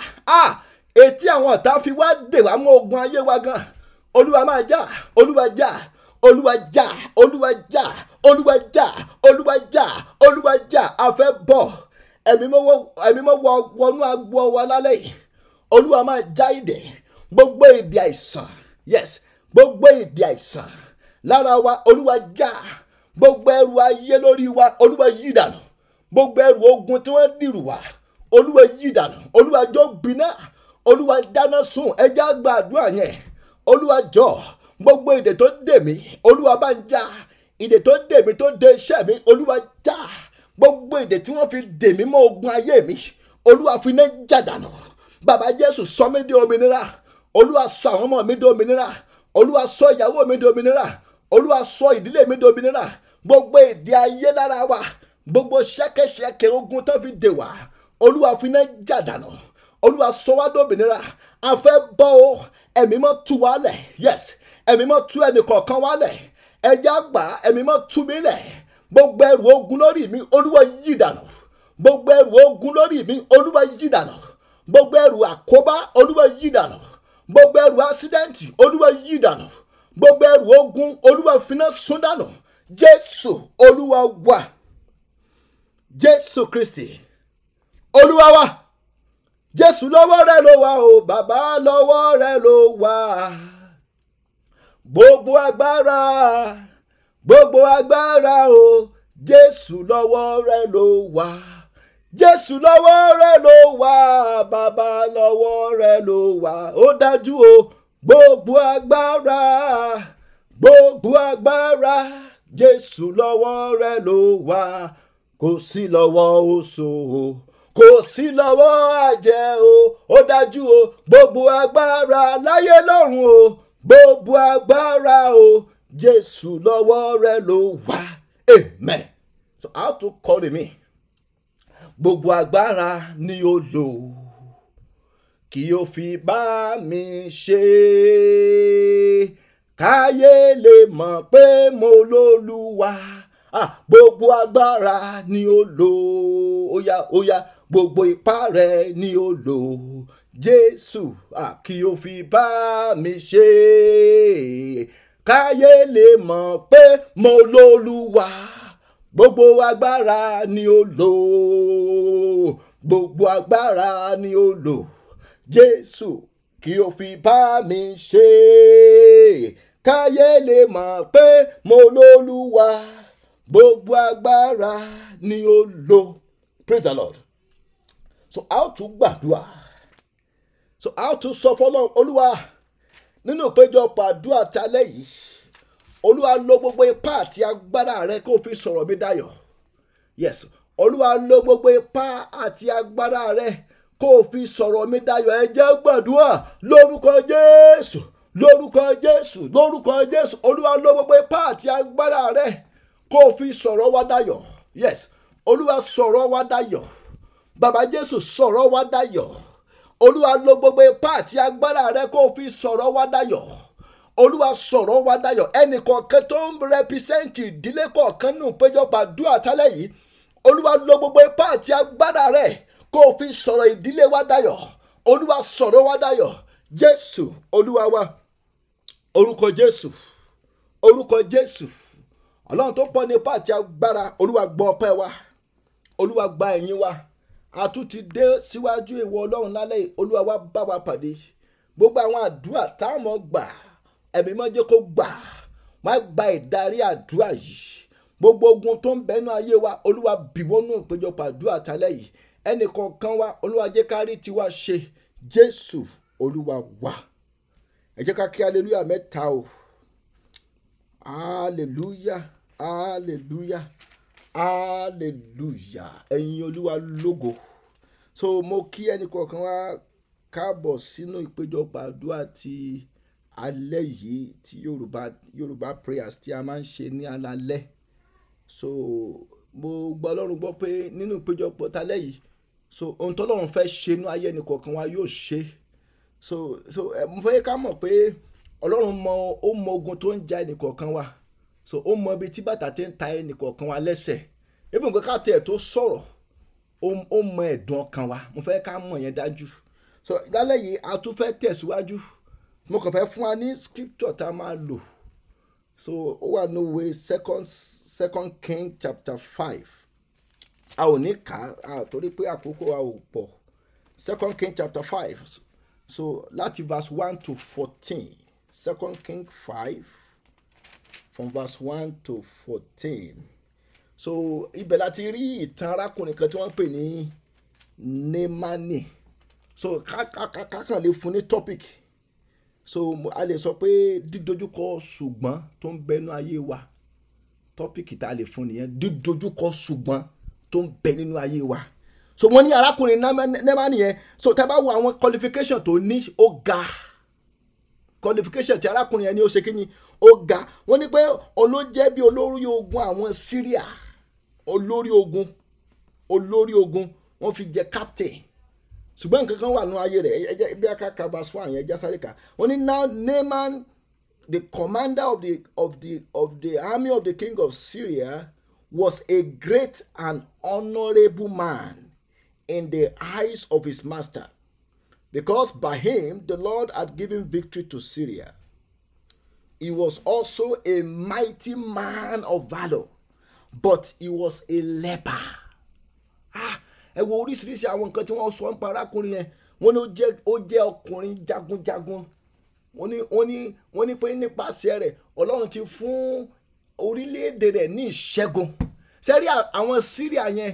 etí àwọn ọ̀tá fi wá dè wá mú ogun ayé wa gan olúwa máa jà olúwa jà olúwa jà olúwa jà olúwa jà olúwa jà olúwa jà a fẹ́ bọ̀ ẹ̀mí mọ́ wọnú agbo wa lálẹ́ yìí olúwa máa já ìdè gbogbo ìdè àìsàn yes gbogbo ìdè àìsàn lára wa olúwa já gbogbo ẹrù ayé lórí wa olúwa yí dànù gbogbo ẹrù ogun tí wọ́n dìrù wá olúwa yí dànù olúwa jọ gbiná olúwa dáná sun ẹja gba àdúrà yẹn olúwa jọ gbogbo ìdè tó dè mí olúwa bá ń já ìdè tó dè mí tó dè iṣẹ́ mi olúwa já gbogbo ìdè tí wọ́n fi dè mí mọ́ ogun ayé mi olúwa fi iná já dànù bàbá jésù sọ mí di òmìnira olúwa sọ àwọn ọmọ mi di òmìnira olúwa sọ ìyàwó mi di òmìnira olúwa sọ ìdílé mi di òmìnira gbogbo ìdè ayé lára wa gbogbo ṣẹkẹṣẹkẹ ogun tó fi dè wá olúwa fi iná jà dànù olúwa sọ wá dòmìnira a fẹ́ bọ́ o ẹ̀mí mọ́ tú wa lẹ̀ yes ẹ̀mí mọ́ tú ẹnìkọ̀ọ̀kan wa lẹ̀ ẹja gbà ẹ̀mí mọ́ tu mi lẹ̀ gbogbo ẹrù ogun lórí mi olúwa yí dànù gbogbo ẹrù ogun lórí mi olúwa yí dànù gbogbo ẹrù àkóbá olúwa yí dànù gbogbo ẹrù àṣídẹ́ǹtì olúwa yí dànù gbogbo ẹrù ogun olúwa finá sún dànù jésù olúwa wà jésù kristi olúwa wa jésù lọ́wọ́ rẹ ló wà o bàbá lọ́wọ́ rẹ ló wà gbogbo agbára gbogbo agbára o jésù lọ́wọ́ rẹ ló wà jésù lọ́wọ́ rẹ ló wà bàbá lọ́wọ́ rẹ ló wà ó dájú o gbogbo agbára gbogbo agbára jésù lọ́wọ́ rẹ ló wà kò sí lọ́wọ́ oṣù o kò sí lọ́wọ́ àjẹ́ o ó dájú o gbogbo agbára láyé lọ́run o gbogbo agbára o jésù lọ́wọ́ rẹ ló wà amen so how to call me gbogbo agbára ni ó lò kí o fi bá mi ṣe káyé lè mọ̀ pé mo lólúwa ah gbogbo agbára ni ó lò ó yá ó yá gbogbo ipá rẹ̀ ni ó lò ó jésù ah kí o fi bá mi ṣe káyé lè mọ̀ pé mo lólúwa gbogbo agbára ni ó lò gbogbo agbára ni ó lò jésù kí o fi bá mi ṣe káyé lè mọ̀ pé mo lólúwa gbogbo agbára ni ó lò praise the lord so a to tún gbàdúrà so a to tún sọ fọlọ́n olúwa nínú ìpéjọpọ̀ àdúrà talẹ́ yìí olúwa lò gbogbo ipá àti agbára rẹ kó fi sọ̀rọ̀ mi dayọ̀ yes olúwa lò gbogbo ipá àti agbára rẹ kó fi sọ̀rọ̀ mi dayọ̀ ẹ jẹ́ gbàdúrà lórúkọ jésù lórúkọ jésù lórúkọ jésù olúwa lò gbogbo ipá àti agbára rẹ kó o fi sọ̀rọ̀ wa dayọ̀ yes olúwa sọ̀rọ̀ wa dayọ̀ bàbá jésù sọ̀rọ̀ wa dayọ̀ olúwa lo gbogbo ipá àti agbára rẹ kó o fi sọ̀rọ̀ wa dayọ̀ olúwa sọ̀rọ̀ wa dayọ̀ ẹnìkọ̀ọ̀kan tó ń rẹpísẹ́ǹtì ìdílé kọ̀ọ̀kan nù péjọpọ̀ àdúrà tálẹ̀ yìí olúwa lo gbogbo ipá àti agbára rẹ kó o fi sọ̀rọ̀ ìdílé wa dayọ̀ olúwa sọ̀rọ̀ wa dayọ̀ jésù olúwa wa orúkọ jésù orúkọ jésù ọlọ́run tó pọ̀ nípa àti agbára olúwa gbọ́ ọpẹ́ wa olúwa gba ẹ̀yìn wa a tún ti dé síwájú ìwọ ọlọ́run lálẹ́ olúwa wa bá wa pàdé gbogbo àwọn àdúrà táwọn gbà ẹ̀mí mọ́ kó gbà wọ́n á gba ìdarí àdúrà yìí gbogbo ogun tó ń bẹnu ayé wa olúwa bìwọ́nú ìpéjọpọ̀ àdúrà tálẹ́ yìí ẹnì kọ̀ọ̀kan wa olúwa jẹ́ ká rí tiwa ṣe jésù olúwa wa ẹ jẹ́ ká kí aleluya mẹ́ta o aleluya hallelujah hallelujah ẹ̀yin olúwa lógo so mo kí ẹnì kọ̀ọ̀kan wá káàbọ̀ sínú ìpéjọpọ̀ àdúrà ti alẹ́ yìí ti yorùbá yorùbá prayers tí a máa ń ṣe ní alalẹ́ so mo gba ọlọ́run gbọ́ pé nínú ìpéjọpọ̀ talẹ́ yìí so ohun tọ́lọ́run fẹ́ ṣe inú ayé ẹnì kọ̀ọ̀kan wa yóò ṣe so so mo fẹ́ ká mọ̀ pé ọlọ́run mọ ó mọ ogun tó ń ja ẹnì kọ̀ọ̀kan wa so ó mọ ibi tí bàtà ti ń ta ẹnì kọ̀ọ̀kan wa lẹ́sẹ̀ even nǹkan ká tẹ̀ tó sọ̀rọ̀ ó mọ ẹ̀dùn ọkàn wa mo fẹ́ ká mọ̀ yẹn dájú so lálẹ́ yìí a tún fẹ́ tẹ̀síwájú mo kàn fẹ́ fún wa ní scripture tá a máa lò so ó wà ní òwe second second king chapter five a ò ní kà á torí pé àkókò wa ò pọ̀ second king chapter five so láti verse one to fourteen second king five from verse one to fourteen so ibẹ̀ láti rí ìtàn arákùnrin kan tí wọ́n ń pè ní nemani so kákan lè fún ní topic so a lè sọ pé dídojúkọ ṣùgbọ́n tó ń bẹ ayé wa topic tá a lè fún nìyẹn dídojúkọ ṣùgbọ́n tó ń bẹ nínú ayé wa so wọ́n ní arákùnrin nemani yẹn so tẹ́ bá wo àwọn qualification tó ní ó ga qualification tí arákùnrin yẹn ní ó ṣe kí ni ó ga wọ́n ní pé olójẹ́ bí olórí ogun àwọn Syria olórí ogun olórí ogun wọ́n fi jẹ captain ṣùgbọ́n nǹkan kan wà nínú ayé rẹ̀ ẹ jẹ́ bí aka kaba swan yẹn jásáré ká wọ́n ní now Naaman the commander of the of the of the army of the king of Syria was a great and honourable man in the eyes of his master because by him the Lord had given victory to Syria. he was also a mighty man of valor but he was a leper ah ẹ wo oríṣiríṣi àwọn nǹkan tí wọ́n sọ ń pa arákùnrin yẹn wọ́n ní ó jẹ́ ó jẹ́ ọkùnrin jagunjagun wọ́n ní wọ́n ní wọ́n ní pé nípasẹ̀ rẹ̀ ọlọ́run ti fún orílẹ̀-èdè rẹ̀ ní ìṣẹ́gun sẹ́rí àwọn Syria yẹn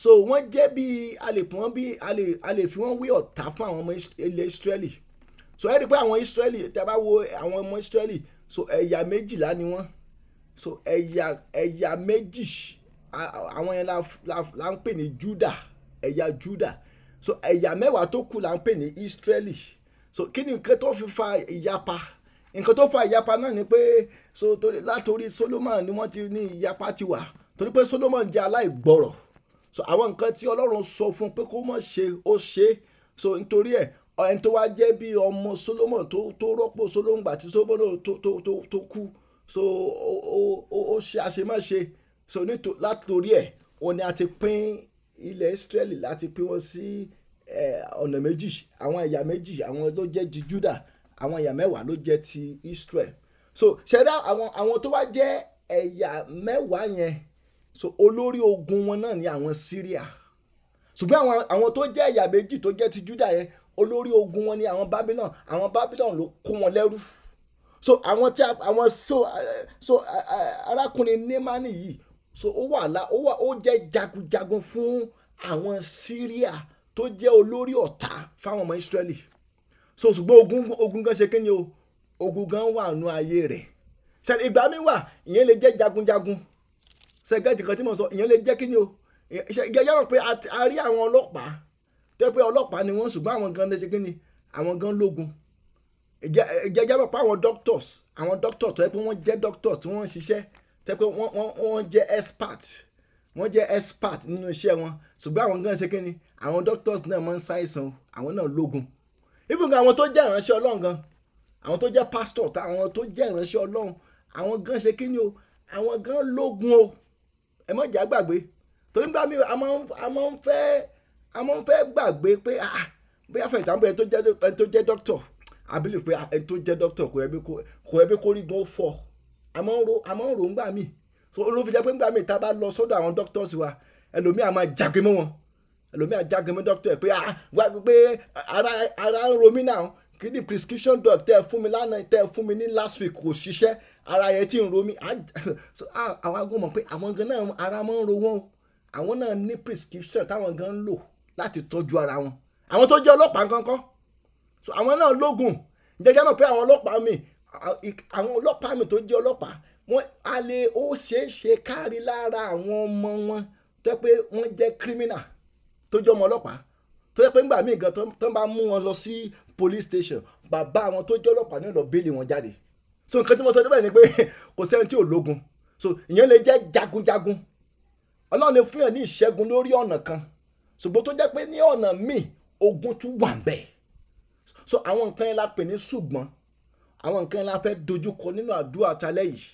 so wọ́n jẹ́ bí a lè pọ́n bí a lè fi wọ́n wé ọ̀tá fún àwọn ọmọ ilẹ̀ Israeli so ẹ rí i pé àwọn Israeli tẹ́ bá wo àwọn ọmọ Israeli so ẹ̀yà méjìlá ni wọ́n so ẹ̀yà ẹ̀yà méjì àwọn yẹn la ń pè ní Júdà ẹ̀yà Júdà so ẹ̀yà mẹ́wàá tó kù la ń pè ní Ísírẹ́lì so kí ni nǹkan tó fi fa ìyapa nǹkan tó fa ìyapa náà ni pé so látòrí Solomon ni wọ́n ti ní ìyapa ti wà torí pé Solomon jẹ́ aláìgbọrọ̀ so àwọn nǹkan tí Ọlọ́run sọ fún pé kó má ṣe ó ṣe so nítorí ẹ̀ ẹni tó wá jẹ́ bí ọmọ Solomon tó tó rọ́pò Solomon tí Solomon tó tó tó tó kú so ó ṣe àṣemáṣe so látòrí ẹ̀ òun ni a ti pín ilẹ̀ Israeli láti pín wọn sí ọ̀nà méjì àwọn ẹ̀yà méjì àwọn tó jẹ́ ti Juda àwọn ẹ̀yà mẹ́wàá ló jẹ́ ti Israel so ṣẹ̀dá àwọn àwọn tó wá jẹ́ ẹ̀yà mẹ́wàá yẹn so olórí ogun wọn náà ni àwọn Syria ṣùgbọ́n àwọn àwọn tó jẹ́ ẹ̀yà méjì tó jẹ́ ti Juda yẹn olórí ogun wọn ni àwọn Babylon àwọn Babylon ló kó wọn lẹ́rú so àwọn tí àwọn so eh, so eh, eh, arákùnrin Némánì yìí so ó wà lá ó wà ó jẹ́ jagunjagun fún àwọn Syria tó jẹ́ olórí ọ̀tá fáwọn ọmọ Israeli so ṣùgbọ́n ogun ogun gan ṣe kíni o ogun gan wà nù ayé rẹ̀ ṣe ìgbà mi wà ìyẹn lè jẹ́ jagunjagun ṣe gẹ́tì kan tí mo sọ ìyẹn lè jẹ́ kíni o ìyẹn yàrá pé a rí àwọn ọlọ́pàá tó pé ọlọ́pàá ni wọ́n ṣùgbọ́n àwọn gan lè ṣe kí ni àwọn gan lógun jẹjẹ bọ̀ pé àwọn doctors àwọn doctors tó wọ́n jẹ́ doctors tí wọ́n ń ṣiṣẹ́ tó wọ́n jẹ́ expert wọ́n jẹ́ expert nínú iṣẹ́ wọn ṣùgbọ́n àwọn gan ṣe kí ni àwọn doctors náà máa ń ṣàìsàn àwọn náà lógun even àwọn tó jẹ́ ìránṣẹ́ ọlọ́run gan àwọn tó jẹ́ pastor táwọn tó jẹ́ ìránṣẹ́ ọlọ́run àwọn gan ṣe kí ni o àwọn gan lógun o ẹ má jà torí nígbà míì a máa ń fẹ́ a máa ń fẹ́ gbàgbé pé ah bóyá for example ẹni tó jẹ́ ẹni tó jẹ́ doctor I believe pé ah, ẹni tó jẹ́ doctor kò ẹbí kò ẹbí kó rí gan fọ́ a máa ń ro a máa ń ro ńgbà míì so ló fi jẹ́ pé ńgbà míì tá a bá lọ sọ́dọ̀ àwọn doctors wa ẹlòmíì a máa jagbe mọ́ wọn ẹlòmíì a jagbe mọ́ doctor ẹ̀ pé ah wá pé ara ara ń ro mí náà kí ni prescription drug tẹ́ ẹ fún mi lánàá tẹ́ ẹ fún mi ní last week kò ṣiṣẹ́ ara yẹn ti ń ro mi àwọn agbọ́n mọ̀ pé àwọn gan náà ara máa ń ro wọn o àwọn náà ní prescription táwọn gan ń lò láti tọ́jú ara wọn àwọn tó jẹ́ ọlọ́pàá kankan so àwọn náà lógun jẹjẹ náà pé àwọn ọlọ́pàá mi àwọn ọlọ́pàá mi tó jẹ́ ọlọ́pàá wọn a lè ó ṣeé ṣe kárí lára àwọn ọmọ wọn tó yẹ pé wọ́n jẹ́ kírímínà tó jẹ́ ọmọ ọlọ́pàá tó yẹ pé ńgbà míì gan tó ń bá mú wọn lọ sí police station bàbá àwọn tó jẹ́ ọlọ́pàá ní lọ bẹ́ẹ̀lì wọn jáde so nǹkan tí mo sọ níbẹ̀ ni pé kò sẹ́ni tí ò lógun so ìyẹn lè jẹ́ jagunjagun ọlọ́run lè fún yàn ní ìṣẹ́gun lórí ọ̀nà kan ṣùgbọ́n tó jẹ́ pé ní ọ̀nà míì ogun tún wà ńbẹ̀ so àwọn nǹkan yẹn la pè ní ṣùgbọ́n àwọn nǹkan yẹn la fẹ́ dojú kọ nínú àdúrà talẹ́ yìí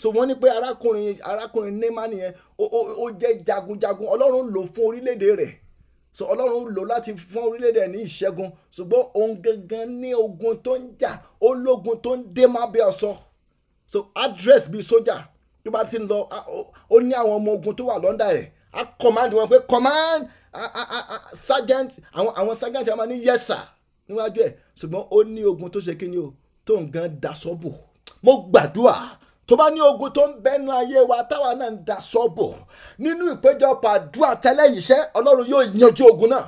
so wọ́n ní pé arákùnrin arákùnrin Némánì yẹn ó jẹ́ jagunjagun ọlọ́run lò fún orílẹ̀-èdè rẹ̀ so ọlọ́run lò láti fún orílẹ̀-èdè ní ìṣẹ́gun ṣùgbọ́n òun gangan ní ogun tó ń jà ó lógun tó ń dé má bẹ́ẹ̀ sọ so address bíi sójà tó bá ti ń lọ ó ní àwọn ọmọ ogun tó wà lọ́ndà rẹ̀ á command wọn pé command sergeant àwọn àwọn sergeant a máa ní yẹ́sà níwájú ẹ̀ ṣùgbọ́n ó ní ogun tó ṣe kí o tó ń gan dasọ́bò mo gbàdúrà tó bá ní ogun tó ń bẹnu ayé wa táwa náà ń da sọ́bò nínú ìpéjọpọ̀ àdúrà tẹ́lẹ̀ yìí ọlọ́run yóò yanjú ogun náà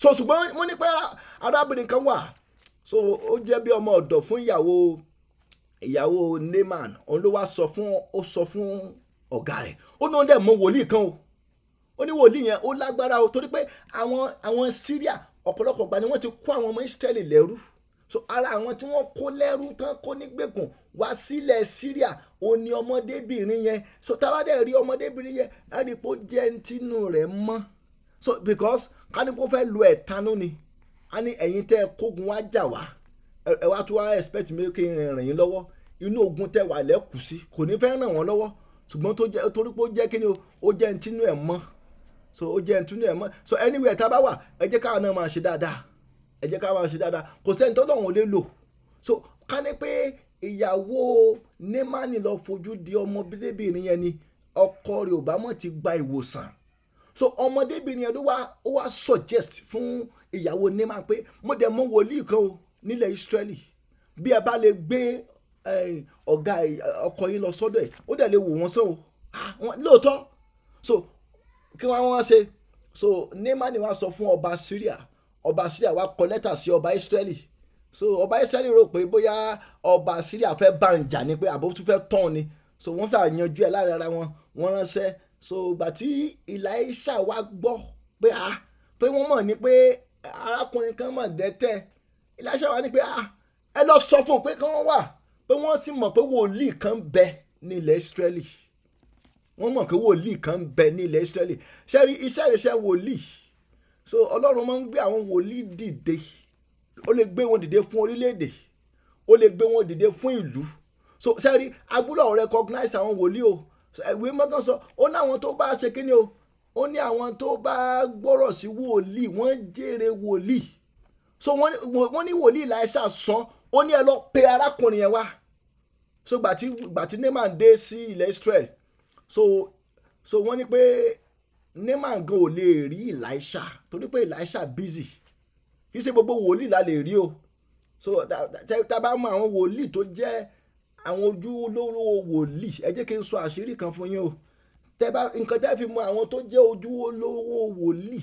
so ṣùgbọ́n mo ní pé arábìnrin kan wà so ó jẹ́ bí ọmọ ọ̀dọ̀ fún ìyàwó ìyàwó Naaman òun ló wá sọ fún ó sọ fún ọ̀gá rẹ̀ ó ní oúnjẹ mọ wòlíì kan o ó ní wòlíì yẹn ó lágbára o torí pé àwọn àwọn Syria ọ̀pọ̀lọpọ̀ gba ni wọ́n ti kó àwọn ọmọ Israẹli lẹ́rú so ara àwọn tí wọ́n kó lẹ́rú tán kó nígbèkùn wá sílẹ̀ Syria ó ní ọmọdébìnrin yẹn so táwa dẹ̀ rí ọmọdébìnrin yẹn á rí i pé ó jẹ́ ń tínú rẹ̀ mọ́ so because kánípò fẹ́ lu ẹ̀tanú ni a ní ẹ̀yin tẹ́ ẹ kógun wá jà wá ẹ wá tún wá expect mi kí n ràn yín lọ́wọ́ inú ogun tẹ́ wà lẹ́kùsí kò ní fẹ́ ràn wọ́n lọ́wọ́ ṣùgbọ́n torí pé ó jẹ́ kí ni o ó jẹ́ ń tínú ẹ̀ mọ́ so ó jẹ́ ntúni ẹ̀ mọ́ so anywhere tá a bá wà ẹ jẹ́ káwọn náà máa ṣe dáadáa ẹ jẹ́ káwọn máa ṣe dáadáa kò sẹ́ni tó lọ́wọ́n lè lò so ká ní pé ìyàwó Némánì lọ fojú di ọmọdébìnrin yẹn ni ọkọ rẹ̀ ò bá mọ̀ ti gba ìwòsàn so ọmọdébìnrin yẹn ló wá ó wá suggest fún ìyàwó Némánì pé mo dẹ̀ mọ̀ wòlíì kan o nílẹ̀ Ísírẹ́lì bí ẹ bá lè gbé eh, ọ̀gá ọkọ yín lọ sọ́dọ̀ ẹ̀ ó dẹ̀ lè wò wọ́n sàn o ah, lóòótọ́ so kí wọ́n wọ́n ṣe so Némánì ni wọ́n sọ fún ọba Syria ọba Syria wá kọ lẹ́tà sí ọba Israeli so ọba Israeli rò pé bóyá ọba Syria fẹ́ bá ń jà ni pé àbó tún fẹ́ tán ni so wọ́n sà yanjú ẹ̀ láàrin ara wọn wọ́n ránṣẹ́ so ìgbà tí Elisha wá gbọ́ pé ah pé wọ́n mọ̀ ní pé arákùnrin kan mọ̀ dẹ́tẹ̀ Elisha wá ní pé ah ẹ lọ sọ fún un pé kí wọ́n wà pé wọ́n sì mọ̀ pé wòlíì kan bẹ ní ilẹ̀ Israeli wọ́n mọ̀ pé wòlíì kan ń bẹ ní ilẹ̀ Ísírẹ́lì ṣe rí iṣẹ́ ìrìnsẹ̀ wòlíì so Ọlọ́run máa ń gbé àwọn wòlíì dìde ó lè gbé wọn dìde fún orílẹ̀-èdè ó lè gbé wọn dìde fún ìlú so ṣe rí agbúlọ̀ recognize àwọn wòlíì o ìwé mọ́tàn sọ ó ní àwọn tó bá ṣe kíni o ó ní àwọn tó bá gbọ́rọ̀ sí wòlíì wọ́n jèrè wòlíì so wọ́n ní wòlíì láìsà sọ ó ní ẹ lọ pe arákùnrin yẹn wá so gbàtí gbàtí neman dé sí ilẹ̀ Israel so so wọ́n ní pé Neymar gan ò lè rí Elisha torí pé Elisha busy kì í ṣe gbogbo wòlíì la lè rí o so tá a bá mọ àwọn wòlíì tó jẹ́ àwọn ojú olóró wòlíì ẹ jẹ́ kí n sọ àṣírí kan fún yín o tẹ́ bá nǹkan tẹ́ fi mọ àwọn tó jẹ́ ojú olówó wòlíì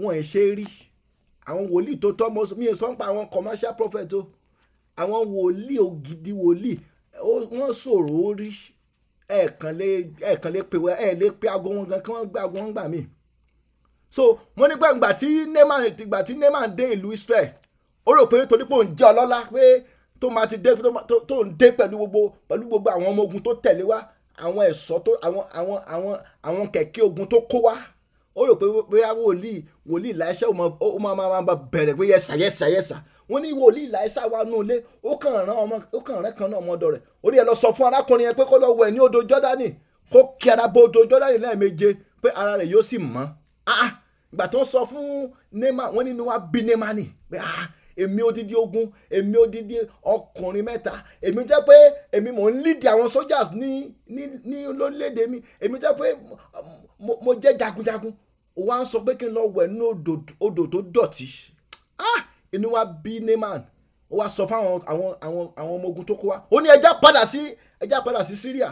wọn ẹ̀ ṣe rí àwọn wòlíì tó tọ́ mi ò sọ ń pa àwọn commercial prophet o àwọn wòlíì ògidì wòlíì wọ́n ṣòro rí ẹ̀ẹ̀kan lé ẹ̀ẹ̀kan lé pe ẹ̀ lé pe aago wọn gan kí wọ́n gbé aago wọn gbà mí. so wọ́n ní pé ìgbà tí Neymar ìgbà tí Neymar dé ìlú Israel ó rò pé torí pé òun jẹ́ ọlọ́lá pé tó máa ti dé tó ń dé pẹ̀lú gbogbo pẹ̀lú gbogbo àwọn ọmọ ogun tó tẹ̀lé wá àwọn ẹ̀ṣọ́ tó àwọn àwọn àwọn àwọn kẹ̀kẹ́ ogun tó kó wá ó rò pé bóyá wòlíì wòlíì láìṣẹ́ ó máa máa bẹ̀rẹ̀ pé yẹsà yẹsà yẹsà wọ́n ní wòlíì ìlàísà wa nù ilé ó kàn rán ọmọ ó kàn rán kan náà ọmọdọ̀ rẹ̀ ó ní ẹ lọ sọ fún arákùnrin yẹn pé kó lọ wẹ̀ ní odò jọ́dánì kó kẹra bo odò jọ́dánì lẹ́ẹ̀meje pé ara rẹ̀ yóò sì mọ́ ah, ah ìgbà tó ń sọ fún nema wọ́n nínú wa bí nema nì pé ah èmi odidi ogun èmi odidi ọkùnrin mẹ́ta èmi jẹ́ pé èmi mò ń lídìí àwọn soldiers ní ní ní lórílẹ̀‐èdè mi èmi jẹ́ pé mo jẹ́ jagunjagun ó wá sọ pé kí n lọ wẹ̀ nínú odò tó dọ̀tí ah inú wa bí Naaman ó wá sọ fáwọn àwọn àwọn àwọn ọmọ ogun tó kó wa ó ní ẹja padà sí ẹja padà sí Syria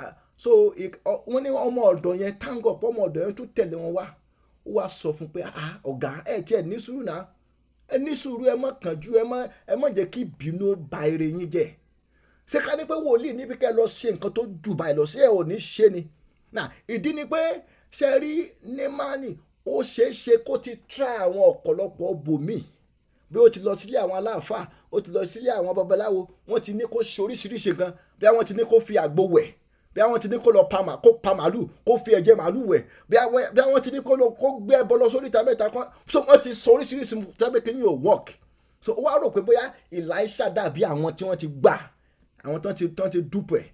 ah, so wọ́n ní ọmọ ọ̀dọ̀ yẹn thank God ọmọ ọ̀dọ̀ yẹn tó tẹ̀lé wọn wá ó wá sọ fún pé ah, ah ọ̀gá ẹ̀ tiẹ̀ ní sùúrù náà ẹ ní sùúrù ẹ má kánjú ẹ má ẹ má jẹ́ kí ìbínú ba ire yín jẹ́ ṣé ká ní pé wòlíì níbi ká ẹ lọ ṣe nǹkan tó jù báyìí lọ sí ẹ ò ní ṣe ni na ìdí ni pé ṣe rí Némánì ó ṣeé ṣe kó ti tra àwọn ọ̀pọ̀lọpọ̀ bòmíì bí ó ti lọ sílé àwọn aláàfáà ó ti lọ sílé àwọn babaláwo wọ́n ti ní kó ṣe oríṣiríṣi gan bí wọ́n ti ní kó fi àgbo wẹ̀ bí àwọn ti ní kó lọ pa mà kó pa màálù kó fi ẹ̀jẹ̀ màálù wẹ̀ bí àwọn ti ní kó lọ kó gbé ẹbọ lọ sórí ìta kan so wọ́n ti sọ oríṣiríṣi tẹ́lẹ̀ kí ni yóò work so wọ́n á rò pé bóyá Elisha dàbí àwọn tí wọ́n ti gbà àwọn tán ti tán ti dúpẹ́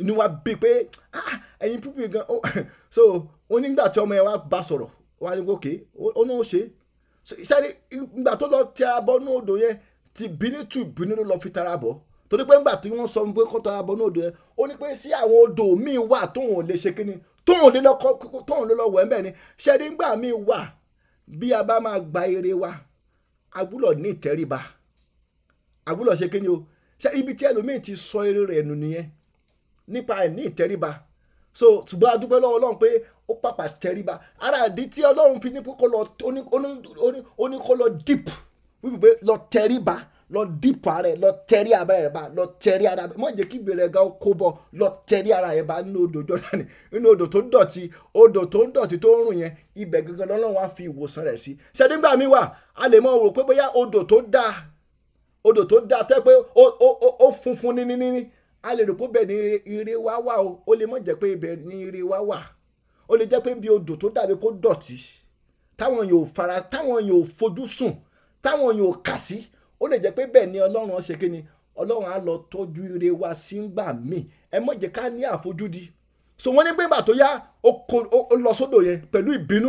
inú wa bí pé ah ẹ̀yin púpù gan so onígbà tí ọmọ yẹn wá bá sọ̀rọ̀ wá ní gòkè ó náà ó ṣe é sẹ́ni ìgbà tó lọ ti abọ́nú odò yẹn ti bínú tù bínú ló lọ fi tara bọ̀ torí pé ńgbà tí wọ́n sọ pé kó tara bọ́nú odò yẹn ó ní pé sí àwọn odò míì wà tóun ò lè ṣe kíni tóun lè lọ tóun lè lọ wẹ̀ ńbẹ̀ ni sẹ́ni ńgbà míì wà bí a bá máa gba eré wa a gbúdọ̀ ní ìtẹríba a gbúdọ̀ ṣe kíni o sẹ́ni ibi tí ẹlòmíì ti sọ eré rẹ̀ nù nìyẹn nípa ẹ̀ ní ìtẹríba so ṣùgbọ́n a dúpẹ́ lọ́wọ́ ọlọ́run pé ó pàpà tẹríba ara àdí tí ọlọ́run fi ní kó lọ ó ní kó lọ deep wípé pé lọ tẹríba lọ deep ara ẹ lọ tẹrí ara ẹ bá lọ tẹrí ara ẹ má jẹ́ kí ìgbéraga ó kó bọ̀ lọ tẹrí ara ẹ bá nínú odò Jọ́dánì nínú odò tó ń dọ̀tí odò tó ń dọ̀tí tó ń rùn yẹn ibẹ̀ gangan lọ́lọ́run á fi ìwòsàn rẹ̀ sí ṣẹ́dígbà mi wà a lè mọ wò pé bóyá odò tó dáa odò tó dáa tẹ́ pé ó funfun níníní a lè rò pé bẹ́ẹ̀ ni ire wa wà o ó lè mọ̀ jẹ́ pé ibẹ̀ ni ire wa wà ó lè jẹ́ pé bí odò tó dàbí kó dọ̀tí táwọn yóò fara táwọn yóò fojú sùn táwọn yóò kà sí ó lè jẹ́ pé bẹ́ẹ̀ ni ọlọ́run ṣe kí ni ọlọ́run á lọ tọ́jú ire wa sí gbà míì ẹ mọ̀ jẹ́ ká ní àfojúdi so wọ́n ní pé ìgbà tó yá ó lọ sódò yẹn pẹ̀lú ìbínú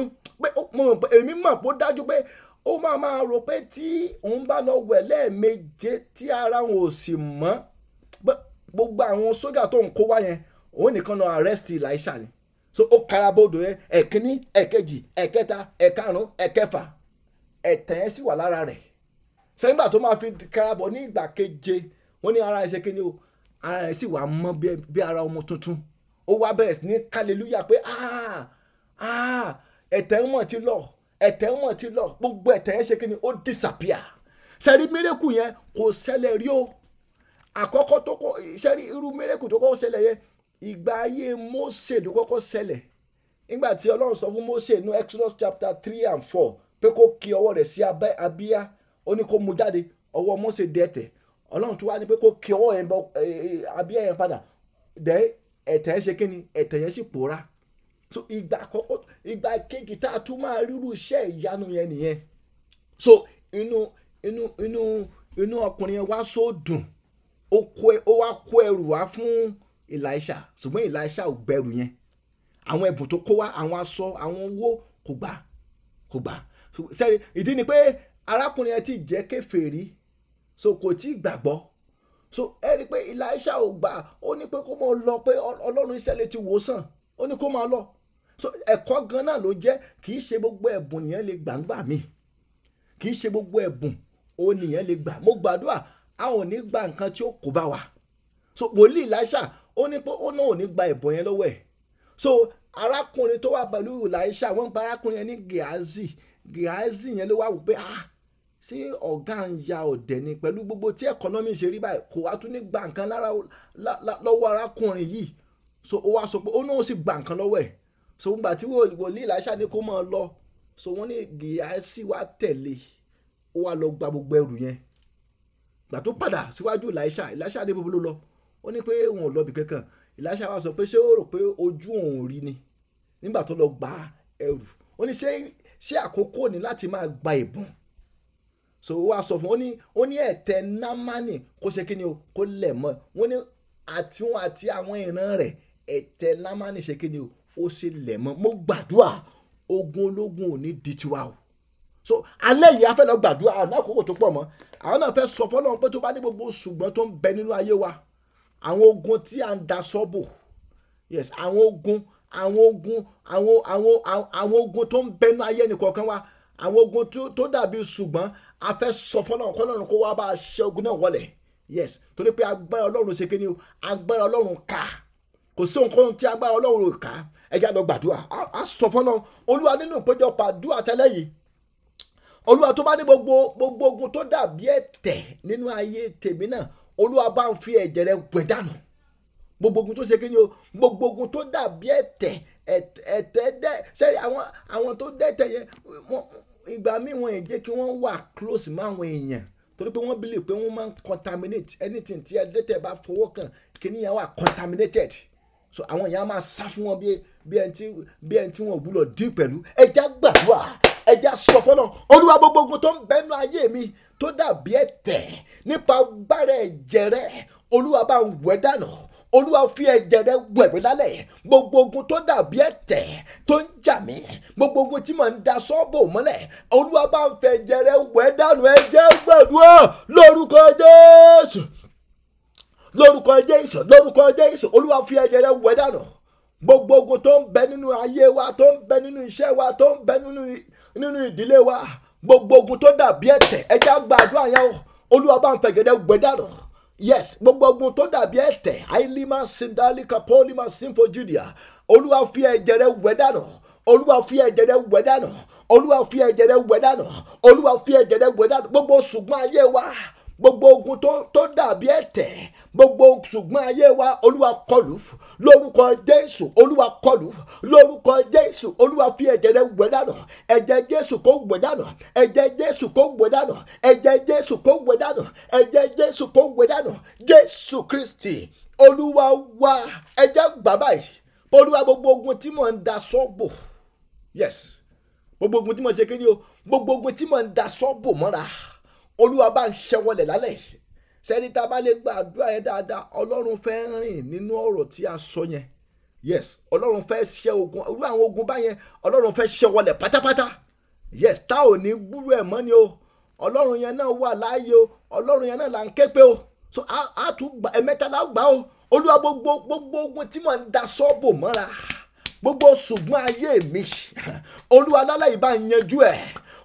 pé èmi mọ̀ pé ó dájú pé ó máa máa rò pé tí òun bá lọ wẹ̀ lẹ́ẹ̀meje tí ara òun ò sì mọ́ gbogbo àwọn sójà tó ń kó wá yẹn òun nìkan náà arrest Elisha ni so ó karabodò yẹn ẹ̀kíní ẹ̀kejì ẹ̀kẹta ẹ̀karùn-ún ẹ̀kẹfà ẹ̀tẹ̀ yẹn sì wà lára rẹ̀ sẹ́yìnbà tó máa fi karabọ̀ ní ìgbà keje wọ́n ní ara ẹ̀ ṣe kíni o ara ẹ̀ sì wà mọ́ bí ara ọmọ tuntun ó wá bẹ̀rẹ̀ sí ní kálẹ́lúyà pé ah, ah, ẹ̀tẹ̀ ń mọ̀ ti lọ ẹ̀tẹ̀ ń mọ̀ ti lọ gbogbo ẹ̀tẹ̀ yẹn ṣe kíni ó disappear sẹ́rí mírèkù yẹn kò ṣẹlẹ̀ rí o àkọ́kọ́ tó kọ́ sẹ́rí irú mẹ́rẹ́kù tó kọ́ ṣẹlẹ̀ yẹn ìgbà ayé Mósè ló kọ́kọ́ ṣẹlẹ̀ nígbà tí Ọlọ́run sọ fún Mósè ní Exodus chapter three and four pé kó ki ọwọ́ rẹ̀ sí abíyá ó ní kó mu jáde ọwọ́ Mósè dẹ̀tẹ̀ Ọlọ́run tó wá ní pé kó ki ọwọ́ yẹn bọ abíyá yẹn padà dẹ̀ ẹ̀tẹ̀ yẹn ṣe kí ni ẹ̀tẹ̀ yẹn sì pòórá so ìgbà àkọ́kọ́ ìgbà kejì tá a tún máa rírú iṣẹ́ ìyanu yẹn nìyẹn so inú inú inú inú ọkùnrin yẹn wá sóò dùn ó kó ó wá kó ẹrù wá fún Elisha ṣùgbọ́n Elisha ò gbẹrù yẹn àwọn ẹ̀bùn tó kó wá àwọn aṣọ àwọn owó kò gbà kò gbà sẹ́yìn ìdí ni pé arákùnrin yẹn ti jẹ́ kèfèrí so kò tí ì gbàgbọ́ so ẹ rí i pé Elisha ò gbà ó ní pé kó máa lọ pé ọlọ́run ìṣẹ̀lẹ̀ ti wò sàn ó ní kó máa lọ so ẹ̀kọ́ gan náà ló jẹ́ kì í ṣe gbogbo ẹ̀bùn nìyẹn lè gbàǹgbà mi kì í ṣe gbogbo ẹ̀bùn ó nìyẹn lè gbà mo gbàdúrà a ò ní gba nǹkan tí ó kó bá wa so wòlíì Elisha ó ní pé ó náà ò ní gba ìbọn yẹn lọ́wọ́ ẹ̀ so arákùnrin tó wà pẹ̀lú Elisha wọ́n gba arákùnrin yẹn ní Gehazi Gehazi yẹn ló wá wò pé ah sí ọ̀gá ń ya ọ̀dẹ̀ ni pẹ̀lú gbogbo tí ẹ̀kọ́nọ́mì ṣe rí báyìí kò wá tún ní gba nǹkan lọ́wọ́ arákùnrin yìí so ó wá sọ pé ó náà ó sì gba nǹkan lọ́wọ́ ẹ̀ so ńgbà tí wòlíì Elisha ní kó máa lọ so wọ́n ní Gehazi wá tẹ̀lé ó wá lọ gba gbogbo ẹrù yẹn gbà tó padà síwájú Elisha Elisha ní gbogbo ló lọ ó ní pé òun ò lọ bì kankan Elisha wá sọ pé ṣé ó rò pé ojú òun rí ni nígbà tó lọ gba ẹrù ó ní ṣé ṣé àkókò ni láti máa gba ìbọn so wá sọ fún ó ní ó ní ẹ̀tẹ̀ námánì kó ṣe kí ni o kó lẹ̀ mọ́ wọ́n ní àti àti àwọn ìran rẹ̀ ẹ̀tẹ̀ námánì ṣe kí ni o ó ṣe lẹ̀ mọ́ mo gbàdúrà ogun ológun ò ní di tiwa o so alẹ́ yìí a fẹ́ lọ gbàdúrà àwọn àkókò tó pọ̀ mọ́ àwọn náà fẹ́ sọ fọlọ́run pé tó bá ní gbogbo ṣùgbọ́n tó ń bẹ nínú ayé wa àwọn ogun tí à ń da sọ́bù yes àwọn ogun àwọn ogun àwọn àwọn àwọn ogun tó ń bẹ nínú ayé nìkọ̀ọ̀kan wa àwọn ogun tó dàbí ṣùgbọ́n a fẹ́ sọ fọlọ́run kọ́lọ́run kó wá bá a ṣe ogun náà wọlẹ̀ yes torí pé agbára ọlọ́run ṣe kíni o agbára ọlọ́run ká kò sí nǹkan tí agbára ọlọ́run ká ẹ já lọ gbàdúrà a sọ fọlọ́run olúwa nínú ìpéjọpọ̀ àdúrà tẹ́lẹ̀ yìí olúwa tó bá ní gbogbo gbogbo ogun tó dàbí ẹ̀tẹ̀ nínú ayé tèmi náà olúwa bá ń fi ẹ̀jẹ̀ rẹ̀ wẹ̀ dànù gbogbo ogun tó ṣe kí ni o gbogbo ogun tó dàbí ẹ̀tẹ̀ ẹ̀tẹ̀ dẹ̀ sẹ́rí àwọn tó dẹ̀tẹ̀ yẹn ìgbà míì wọn èjẹ́ kí wọ́n wà close mọ́ àwọn èèyàn torí pé wọ́n believe pé wọ́n máa ń contaminate anything tí ẹ̀dẹ̀tẹ̀ bá fọwọ́ kàn kí ni yẹn contaminated so àwọn èèyàn máa sá fún wọn bí ẹni tí wọn ò gbúdọ̀ dín pẹ̀lú ẹja gbàdúrà ẹja sọ fọlọ olúwa gbogbo ogun tó ń bẹnu ayé mi tó dàbí ẹ̀tẹ̀ nípa agbára ẹ̀jẹ̀ rẹ olúwa bá ń wẹ̀ dànù olúwa fi ẹ̀jẹ̀ rẹ wẹ̀mí lálẹ́ gbogbo ogun tó dàbí ẹ̀tẹ̀ tó ń jà mí gbogbo ogun tí mò ń da sọ́ọ̀bù mọ́lẹ̀ olúwa bá ń fẹ́ ẹ̀jẹ̀ rẹ wẹ̀ dànù ẹ̀jẹ̀ gbàdúrà lórúkọ jésù lórúkọ jésù lórúkọ jésù olúwa fi ẹ̀jẹ̀ rẹ wẹ̀ dànù gbogbo ogun tó ń bẹ nínú ayé wa tó ń bẹ nínú iṣẹ́ wa tó ń bẹ nínú nínú ìdílé wa gbogbo ogun tó dàbí ẹ̀tẹ̀ ẹja gbàdúrà yẹn olúwa bá ń fẹ̀gẹ̀dẹ̀ gbẹ̀dàrọ̀ yes gbogbo ogun tó dàbí ẹ̀tẹ̀ àìlímà sindalika pọ́límà sinfo judea olúwa fi ẹ̀jẹ̀ rẹ̀ gbẹ̀dàrọ̀ olúwa fi ẹ̀jẹ̀ rẹ̀ gbẹ̀dàrọ̀ olúwa fi ẹ̀jẹ̀ rẹ̀ gbẹ̀dàrọ̀ olúwa fi ẹ̀jẹ̀ rẹ̀ gbẹ̀dàrọ̀ gbogbo ṣùgbọ́n ayé wa gbogbo ogun tó dàbí ẹ̀tẹ̀ gbogbo ṣùgbọ́n ayé wa olúwa kọlù lórúkọ jésù olúwa kọlù lórúkọ jésù olúwa fi ẹ̀jẹ̀ rẹ̀ wẹ̀ dànù ẹ̀jẹ̀ jésù kó wẹ̀ dànù ẹ̀jẹ̀ jésù kó wẹ̀ dànù ẹ̀jẹ̀ jésù kó wẹ̀ dànù ẹ̀jẹ̀ jésù kó wẹ̀ dànù jésù kristi olúwa wa ẹ̀jẹ̀ bàbá yìí olúwa gbogbo ogun tí mò ń da sọ́bò yes gbogbo ogun tí mò ń ṣe kí ni o gbogbo ogun tí mò ń da sọ́bò mọ́ra olúwa bá ń ṣẹwọlẹ̀ lálẹ́ sẹ́ni tá a bá lè gba àdúrà yẹn dáadáa ọlọ́run fẹ́ rìn nínú ọ̀rọ̀ tí a sọ yẹn yes ọlọ́run fẹ́ ṣẹ ogun irú àwọn ogun báyẹn ọlọ́run fẹ́ ṣẹwọlẹ̀ pátápátá yes tá ò ní gbúrú ẹ̀ mọ́ ni o ọlọ́run yẹn náà wà láàyè o ọlọ́run yẹn náà là ń ké pé o so a tún gbà ẹ̀mẹ́ta la gbà o olúwa gbogbo gbogbo ogun tí mò ń da sọ́ọ̀bù mọ́ra gbogbo ṣùgbọ́n ayé mi olúwa lálẹ́ ìbá yanjú ẹ̀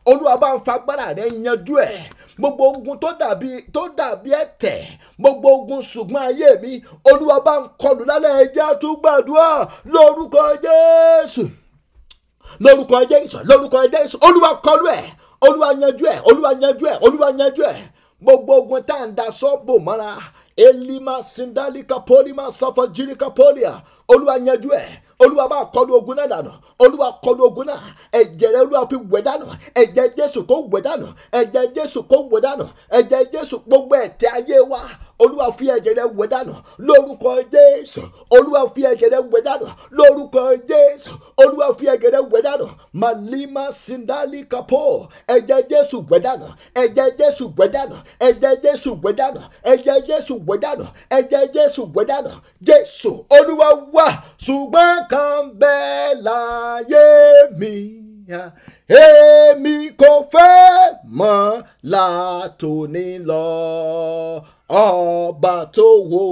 olúwa bá ń fagbára rẹ yanjú ẹ gbogbo ogun tó dàbí tó dàbí ẹ̀tẹ̀ gbogbo ogun ṣùgbọ́n ayé mi olúwa bá ń kọlù lálẹ́ ẹjẹ́ àtúgbàdúrà lórúkọ jésù lórúkọ jésù lórúkọ jésù olúwa kọlù ẹ olúwa yanjú ẹ olúwa yanjú ẹ olúwa yanjú ẹ gbogbo ogun tá à ń da sọ́ọ̀bù mọ́ra elima sindalika polima safa jirika polia olúwa yanjú ẹ olúwa bá kọlu ogun náà dànù olúwa kọlu ogun náà ẹ̀jẹ̀ rẹ olúwa fi wẹ̀ dànù ẹ̀jẹ̀ jésù kó wẹ̀ dànù ẹ̀jẹ̀ jésù kó wẹ̀ dànù ẹ̀jẹ̀ jésù gbogbo ẹ̀tẹ̀ ayé wa olúwa fi ẹ̀jẹ̀ rẹ wẹ̀ dànù lórúkọ jésù olúwa fi ẹ̀jẹ̀ rẹ wẹ̀ dànù lórúkọ jésù olúwa fi ẹ̀jẹ̀ rẹ wẹ̀ dànù màlímà sindali kapo ẹ̀jẹ̀ jésù wẹ̀ dànù ẹ̀jẹ̀ jésù wẹ̀ dànù ẹ̀jẹ̀ jésù wẹ̀ dànù ẹ̀jẹ̀ jésù wẹ̀ dànù ẹ̀jẹ̀ jésù wẹ̀ dànù jésù olúwa wá ṣùgbọ́n kan bẹ́ẹ̀ láyé mi èmi kò fẹ́ mọ́ látòní lọ ọba tó wò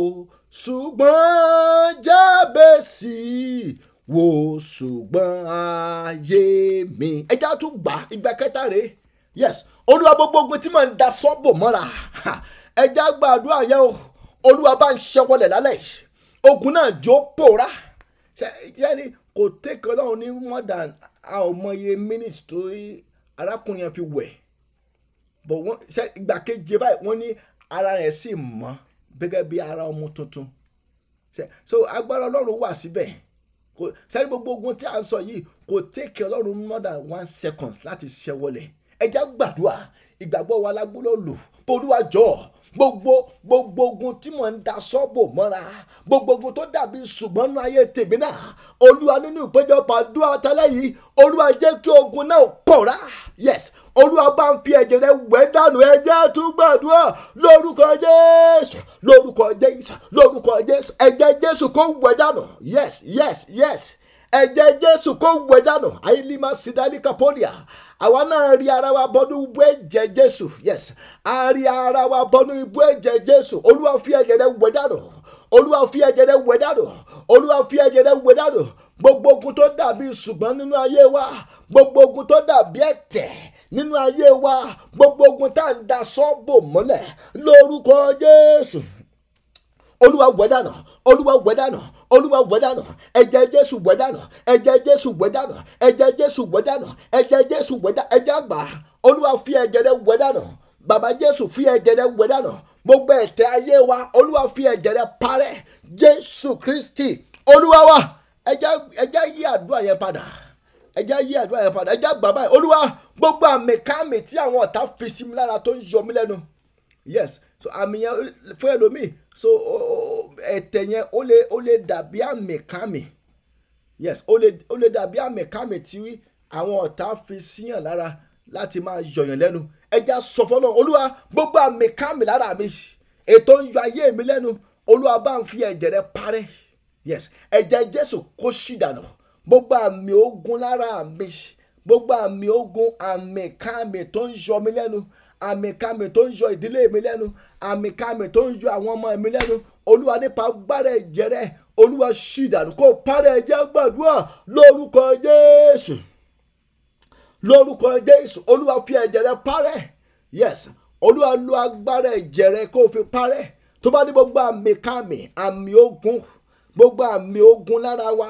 ṣùgbọ́n jábẹ́sì wo ṣùgbọ́n ayé mi. ẹja tún gbà ìgbà kẹta rèé yes olúwa gbogbo ogun tí mò ń da sọ́bò mọ́ra ẹja gbàdúrà yẹn o olúwa bá ń ṣẹwọlẹ̀ lálẹ́ ogun náà jó pòórá yẹ́nì kò tẹ́kọ̀ọ́ lọ́run ní more than a ò mọye minutes tó arákùnrin yẹn fi wẹ̀ bọ̀ wọ́n ìgbà keje báyìí wọ́n ní ara rẹ̀ sì mọ́ gẹ́gẹ́ bí ara ọmọ tuntun so agbára ọlọ́run wà síbẹ̀ kò sẹ́ni gbogbo ogun tí a ń sọ yìí kò tẹ́kẹ̀ ọlọ́run more than one second láti ṣẹ́wọlẹ̀ ẹja gbàdúrà ìgbàgbọ́ wa lágbóló lò pé olúwa jọ̀ọ́ gbogbo gbogbo ogun tí mò ń da sọ́bò mọ́ra gbogbo ogun tó dàbí ṣùgbọ́n nínú ayé tèmi náà olúwa nínú ìpéjọpọ̀ àdúrà tẹ́lẹ̀ yìí olúwa jẹ́ kí ogun náà pòórá yes olúwa bá ń fi ẹ̀jẹ̀ rẹ̀ wẹ̀ dànù ẹ̀jẹ̀ tún lórúkọ jésù lórúkọ jésù lórúkọ jésù ẹ̀jẹ̀ jésù kó wẹ̀ dànù yes yes yes ẹ̀jẹ̀ jésù kó wẹ̀ dànù àìlímà sídálíkà pọ́lìà àwa náà rí ara wa bọ́nú ibú ẹ̀jẹ̀ jésù yes a ara wa bọ́nú ibú ẹ̀jẹ̀ jésù olúwa fi ẹ̀jẹ̀ rẹ̀ wẹ̀ dànù olúwa fi ẹ̀jẹ̀ rẹ̀ wẹ̀ dànù olúwa fi ẹ̀jẹ̀ rẹ̀ wẹ̀ dànù gbogbo ogun tó dàbí ṣùgbọ́n nínú ayé wa gbogbo ogun tó dàbí ẹ̀tẹ̀ nínú ayé wa gbogbo ogun tá à ń da sọ́ọ̀bù mọ́lẹ̀ lórúkọ jésù olúwa wẹ̀ dànù olúwa wẹ̀ dànù olúwa wẹ̀ dànù ẹ̀jẹ̀ jésù wẹ̀ dànù ẹ̀jẹ̀ jésù wẹ̀ ẹ̀jẹ̀ jésù wẹ̀ ẹ̀jẹ̀ jésù wẹ̀ ẹ̀jẹ̀ àgbà olúwa fi ẹ̀jẹ̀ rẹ̀ wẹ̀ dànù bàbá jésù fi ẹ̀jẹ̀ rẹ̀ wẹ̀ dànù gbogbo ẹ̀tẹ̀ ayé wa olúwa fi ẹ̀jẹ̀ rẹ̀ parẹ́ jésù kristi olúwa wa ẹ̀jẹ̀ yí àdúrà yẹn padà ẹjá yí àdúrà yẹn padà ẹjá bàbá yẹn olúwa gbogbo àmì káàmì tí àwọn ọ̀tá fi sí mi lára tó ń yọ mí lẹ́nu yes so àmì yẹn fún ẹlòmíì so ẹ̀tẹ̀ yẹn ó lè ó lè dàbí àmìkámì yes ó lè ó lè dàbí àmìkámì tí àwọn ọ̀tá fi síyàn lára láti máa yọ̀yàn lẹ́nu ẹja sọ fọlọ́ olúwa gbogbo àmìkámì lára mi ètò ń yọ ayé mi lẹ́nu olúwa bá ń fi ẹ̀jẹ̀ rẹ parẹ́ yes ẹ̀jẹ̀ jésù kó sì dànù gbogbo àmì ogun lára mi gbogbo àmì ogun àmìkámì tó ń yọ mi lẹ́nu àmìkàmì tó ń yọ ìdílé mi lẹ́nu àmìkàmì tó ń yọ àwọn ọmọ mi lẹ́nu olúwa nípa gbára ẹ̀jẹ̀ rẹ olúwa ṣì dànù kó para ẹ̀jẹ̀ gbàdúrà lórúkọ jésù lórúkọ jésù olúwa fi ẹ̀jẹ̀ rẹ parẹ́ yes olúwa lo agbára ẹ̀jẹ̀ rẹ kó fi parẹ́ tó bá ní gbogbo àmìkàmì àmì ogun gbogbo àmì ogun lára wa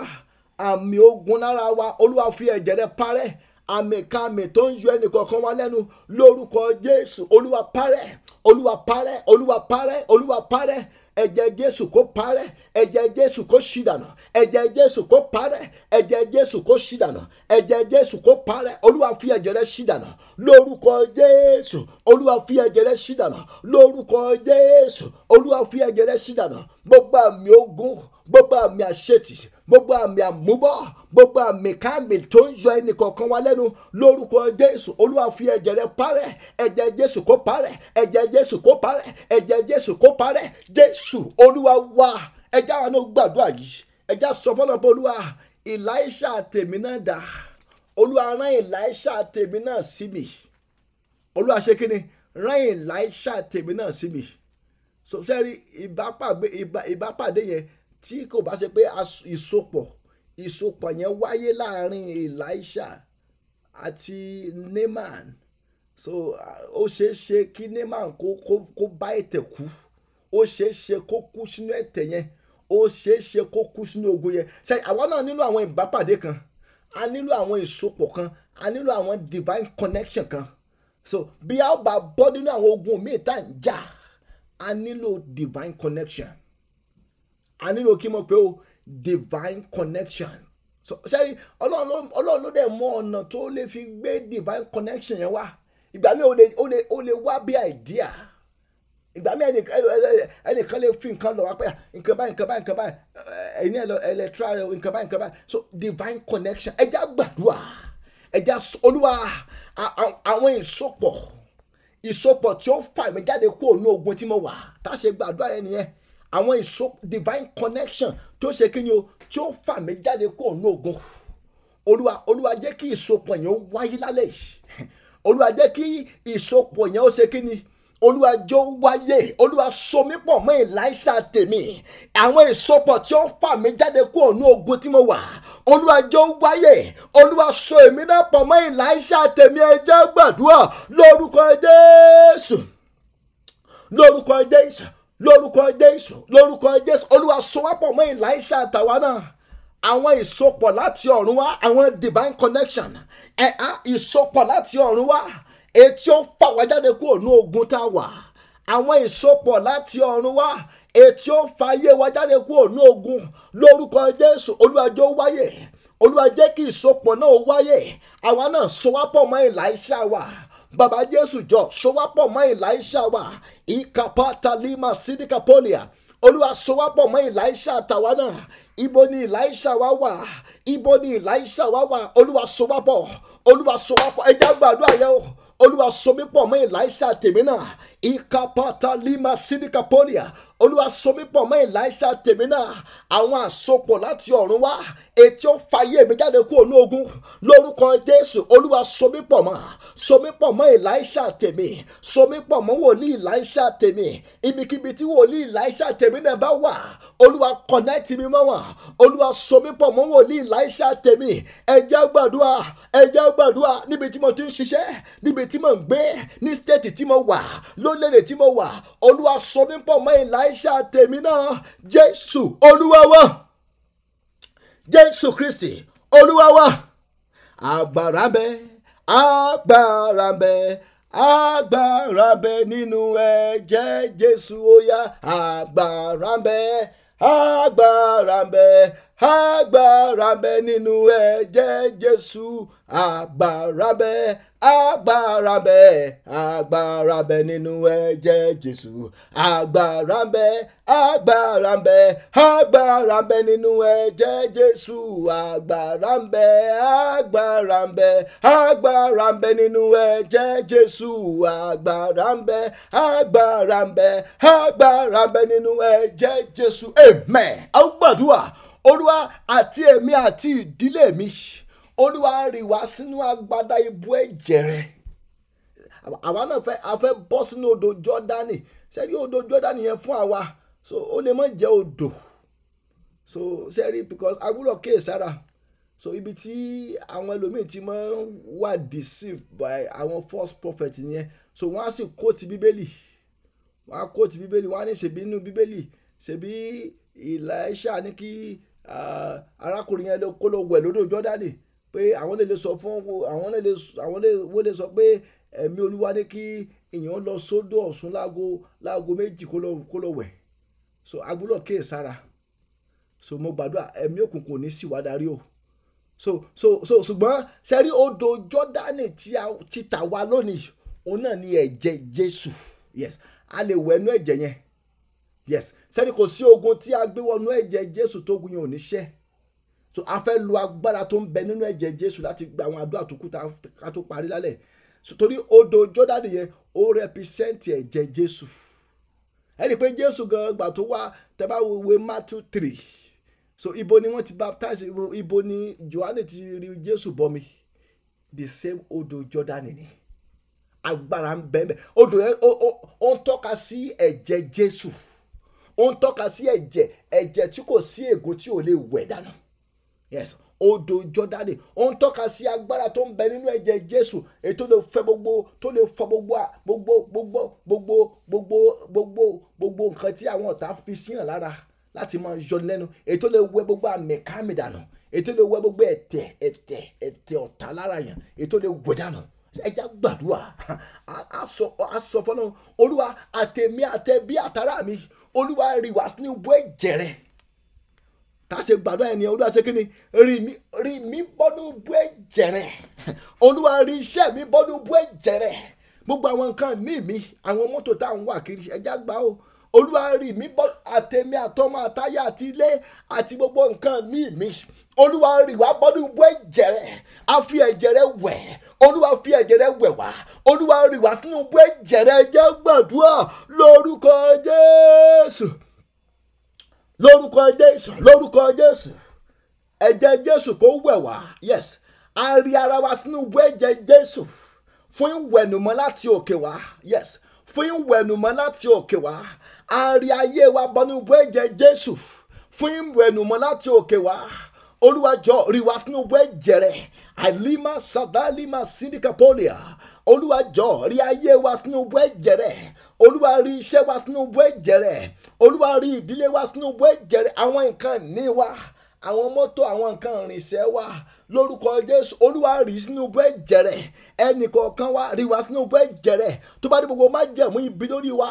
àmì ogun lára wa olúwa fi ẹ̀jẹ̀ rẹ parẹ́ àmìkàmì tó ń yọ ẹnìkọ̀ọ̀kan wa lẹ́nu lórúkọ Jésù olúwa parẹ́ olúwa parẹ́ olúwa parẹ́ olúwa parẹ́ ẹ̀jẹ̀ jésù kó parẹ́ ẹ̀jẹ̀ jésù kó ṣì dànù ẹ̀jẹ̀ jésù kó parẹ́ ẹ̀jẹ̀ jésù kó ṣì dànù ẹ̀jẹ̀ jésù kó parẹ́ olúwa fi ẹ̀jẹ̀ rẹ ṣì dànù lórúkọ jésù olúwa fi ẹ̀jẹ̀ rẹ ṣì dànù lórúkọ jésù olúwa fi ẹ̀jẹ̀ rẹ ṣì dànù gbogbo àmì ogun gbogbo àmì àṣetì gbogbo àmì àmúbọ̀ gbogbo àmì káàmì tó ń yọ ẹnì kọ̀ọ̀kan wa lẹ́nu lórúkọ jésù olúwa fi ẹ̀jẹ̀ rẹ parẹ́ ẹ̀jẹ̀ jésù kó parẹ́ ẹ̀jẹ̀ jésù kó parẹ́ ẹ̀jẹ̀ jésù kó parẹ́ jésù olúwa wa ẹjẹ́ àwọn náà gbàdúrà yìí ẹjẹ́ sọ fọlọ́pọ̀ olúwa ìláìṣà tèmi náà dà olúwa rán ìláìṣà tèmi náà sí mi olúwa ṣe kí ni rán ìláìṣà tèmi náà sí mi sọ sẹ́rí ìbápàdé yẹn tí kò bá ṣe pé ìsopọ̀ ìsopọ̀ yẹn wáyé láàrin Elisha àti Neman. so ó ṣeé ṣe kí Naaman kó kó kó bá ètè kú ó ṣeé ṣe kó kú sínú ètè yẹn ó ṣeé ṣe kó kú sínú ogun yẹn ṣe àwa náà nílò àwọn ìbápàdé kan a nílò àwọn ìsopọ̀ kan a nílò àwọn divine connection kan so bí a bá bọ́ nínú àwọn ogun míì tá à ń jà a nílò divine connection a nílò kí mo pé o divine connection so sẹ́ni ọlọ́run ló dẹ̀ mọ ọ̀nà tó lè fi gbé divine connection yẹn wá ìgbà mi ò lè ò lè wá bí idea ìgbà mi ẹnìkan lè fi nǹkan lọ wá pé ah, nǹkan báyìí nǹkan báyìí nǹkan báyìí ẹ̀yin ẹ̀ rẹ nǹkan báyìí nǹkan báyìí so divine connection ẹja gbàdúrà ẹja olúwa àwọn ìsopọ̀ ìsopọ̀ tí ó fà mí jáde kúrò ní ogun tí mo wà tá a ṣe gbàdúrà yẹn nìyẹn àwọn ìṣó divine connection tó ṣe kí ni o tí ó fà mí jáde kó òun ogun olúwa olúwa jẹ́ kí ìsopọ̀ yẹn ó wáyé lálẹ́ yìí olúwa jẹ́ kí ìsopọ̀ yẹn ó ṣe kí ni olúwa jọ wáyé olúwa so mí pọ̀ mọ́ Èlíṣà tèmi àwọn ìsopọ̀ tí ó fà mí jáde kó òun ogun tí mo wà olúwa jọ wáyé olúwa so èmi náà pọ̀ mọ́ Èlíṣà tèmi ẹ gbàdúrà lórúkọ Jésù lórúkọ Jésù lórúkọ jésù lórúkọ jésù olúwa sowápọ̀ mọ́ elisha àtàwa náà àwọn ìsopọ̀ láti ọ̀run wá àwọn divine connection ẹ̀ka ìsopọ̀ láti ọ̀run wá etí ó fà wá jáde kúrò ní ogun tá a wà àwọn ìsopọ̀ láti ọ̀run wá etí ó fà ayé wa jáde kúrò ní ogun lórúkọ jésù olúwàjọ́ wáyé olúwa jẹ́ kí ìsopọ̀ náà wáyé àwa náà sowápọ̀ mọ́ elisha wa. Baba jésù jọ sowápọ̀ mọ́ elisha wa ìkàpá talima sídìkàpọ́lìà olúwa sowápọ̀ mọ́ elisha tàwa náà ibo ni elisha wa wà ibo ni elisha wa wà olúwa sowápọ̀ olúwa sowápọ̀ ẹja gbàdúrà yẹn o olúwa so mí pọ̀ mọ́ elisha tèmi náà ìkàpàtàlímà sídìkàpọ́lìà olúwa sọmípọ̀ mọ́ Èlíṣà tèmi náà àwọn àsopọ̀ láti ọ̀run wá etí ó fàyè mi jáde kúrò ní ogun lórúkọ Jésù olúwa sọmípọ̀ mọ́ sọmípọ̀ mọ́ Elisha tèmi sọmípọ̀ mọ́ wòlíì Elisha tèmi ibikíbi tí wòlíì Èlíṣà tèmi náà bá wà olúwa kọ̀nẹ́tì mi mọ́ wọn olúwa sọmípọ̀ mọ́ wòlíì Èlíṣà tèmi ẹ jẹ́ gbàdúrà ẹ gbàdúrà níbi tí mo ti ń ṣiṣẹ́ níbi tí mo ń gbé ní stéètì tí mo wà ló orílẹ̀-èdè tí mo wà olúwa sọ mí pọ̀ mọ́ Èlíṣà tèmi náà jésù olúwa jésù kristi olúwa agbára bẹ agbára bẹ agbára bẹ nínú ẹ̀jẹ̀ jésù ó agbára bẹ agbára bẹ agbára ń bẹ nínú ẹ̀jẹ̀ Jésù agbára ń bẹ Agbara ń bẹ agbára ń bẹ nínú ẹ̀jẹ̀ Jésù Agbara ń bẹ agbára ń bẹ agbára ń bẹ nínú ẹ̀jẹ̀ Jésù agbára ń bẹ agbára ń bẹ agbára ń bẹ nínú ẹ̀jẹ̀ Jésù agbára bẹ agbára bẹ agbára bẹ nínú ẹ̀jẹ̀ Jésù amen. àwọn gbàdúrà. olúwa àti èmi àti ìdílé mi olúwa rì wá sínú agbada ibú ẹ̀jẹ̀ rẹ̀ àwa náà fẹ́ a fẹ́ bọ́ sínú odò jọ́dánì sẹ́rí odò jọ́dánì yẹn fún àwa so ó lè mọ̀ jẹ́ odò so sẹ́rí because agbúrò kéèsára so ibi tí àwọn ẹlòmíì ti máa ń wà deceived by àwọn false prophet yẹn so wọ́n á sì kó ti bíbélì wọ́n á kó ti bíbélì wọ́n á ní ṣèbí inú bíbélì ṣèbí ìlà ẹ̀ṣà ní kí arákùnrin yẹn kó lọ wẹ̀ lódò jọ́dánì pé àwọn lè sọ fún àwọn lè àwọn lè wọ́n lè sọ pé ẹ̀mí olúwa ní kí èèyàn lọ sódò ọ̀sùn láago láago méjì kó lọ kó lọ wẹ̀ so agbúlọ̀ kéè sára so mo gbàdúrà ẹ̀mí òkùnkùn ní sì wá darí o so so so ṣùgbọ́n sẹ́rí odò jọ́dánì ti tà wá lónìí òun náà ni ẹ̀jẹ̀ jésù yes a lè wẹ̀ nú ẹ̀jẹ̀ yẹn yes sẹ́ni kò sí ogun tí a gbé wọnú ẹ̀jẹ̀ jésù tó gun yẹn ò ní ṣẹ so a fẹ́ lo agbára tó ń bẹ nínú ẹ̀jẹ̀ jésù láti gba àwọn àdúrà tó kù ká tó parí lálẹ́ so torí odò jọ́dánì yẹn ó rẹpísẹ́ǹtì ẹ̀jẹ̀ jésù ẹni pé jésù gan gbà tó wá tẹ́ wíwé matthew three so ibo ni wọ́n ti baptize ibo ni johanne ti rí jésù bọmi the same odò jọ́dánì ni agbára ń bẹ ń bẹ odò yẹn ó ń tọ́ka sí ẹ̀jẹ̀ jésù ó ń tọ́ka sí ẹ̀jẹ̀ ẹ̀jẹ̀ tí kò sí ègún tí ò lè wẹ̀ dànù yes odò jọdani ó ń tọ́ka sí agbára tó ń bẹ nínú ẹ̀jẹ̀ jésù èyí tó lè fẹ́ gbogbo tó lè fọ gbogbo gbogbo gbogbo gbogbo gbogbo gbogbo gbogbo nǹkan tí àwọn ọ̀tá fi síyàn lára láti máa yọ lẹ́nu èyí tó lè wẹ gbogbo àmẹ̀kámẹ̀dànù èyí tó lè wẹ gbogbo ẹ̀tẹ̀ ẹ̀tẹ̀ ẹ̀tẹ̀ ọ̀tá lára yàn èyí tó lè wẹ̀ dànù ẹja gbàdúrà àsọ fọlọ́run olúwa àtẹ̀mí àtẹ̀bí àtàrà mi olúwa rì wá ní ibú ẹ̀jẹ̀ rẹ̀ tá a ṣe gbàdúrà ẹni olúwa ṣe kíni rì mí bọ́nú ibú ẹ̀jẹ̀ rẹ̀ olúwa rì iṣẹ́ mi bọ́nú ibú ẹ̀jẹ̀ gbogbo àwọn nǹkan ní mi àwọn mọ́tò tá à ń wà kiri ẹja gbà o olúwa rì mí bọ́ àtẹ̀mí àtọmọ àtayá àti ilé àti gbogbo nǹkan ní mi olúwa rì wá bọ́dún bú ẹ̀jẹ̀ rẹ̀ a fi ẹ̀jẹ̀ rẹ̀ wẹ̀ olúwa fi ẹ̀jẹ̀ rẹ̀ wẹ̀ wá olúwa rì wá sínú bú ẹ̀jẹ̀ rẹ̀ jẹ́ gbàdúrà lórúkọ jésù lórúkọ jésù lórúkọ jésù ẹ̀jẹ̀ jésù kò wẹ̀ wá yes a rí ara wa sínú bú ẹ̀jẹ̀ jésù fún ìwẹ̀nùmọ́ láti òkè wá yes fún ìwẹ̀nùmọ́ láti òkè wá a rí ayé wa bọ́nú bú ẹ̀jẹ̀ jésù fún ìwẹ̀nùmọ́ láti òkè wá olúwàjọ ríwá sínú owó ẹ̀jẹ̀ rẹ̀ àìlímà sàdálímà síndìkàpọ́lìà olúwàjọ rí ayé wa sínú owó ẹ̀jẹ̀ rẹ̀ olúwa rí iṣẹ́ wa sínú owó ẹ̀jẹ̀ rẹ̀ olúwa rí ìdílé wa sínú owó ẹ̀jẹ̀ rẹ̀ àwọn nǹkan ní wa àwọn mọ́tò àwọn nǹkan ìrìnsẹ̀ wa lórúkọ jésù olúwa rí sínú bọ́ ẹnìkọ̀ọ̀kan wa rí wa sínú bọ́ tó bá dé gbogbo má jẹ̀mú ibi lórí wa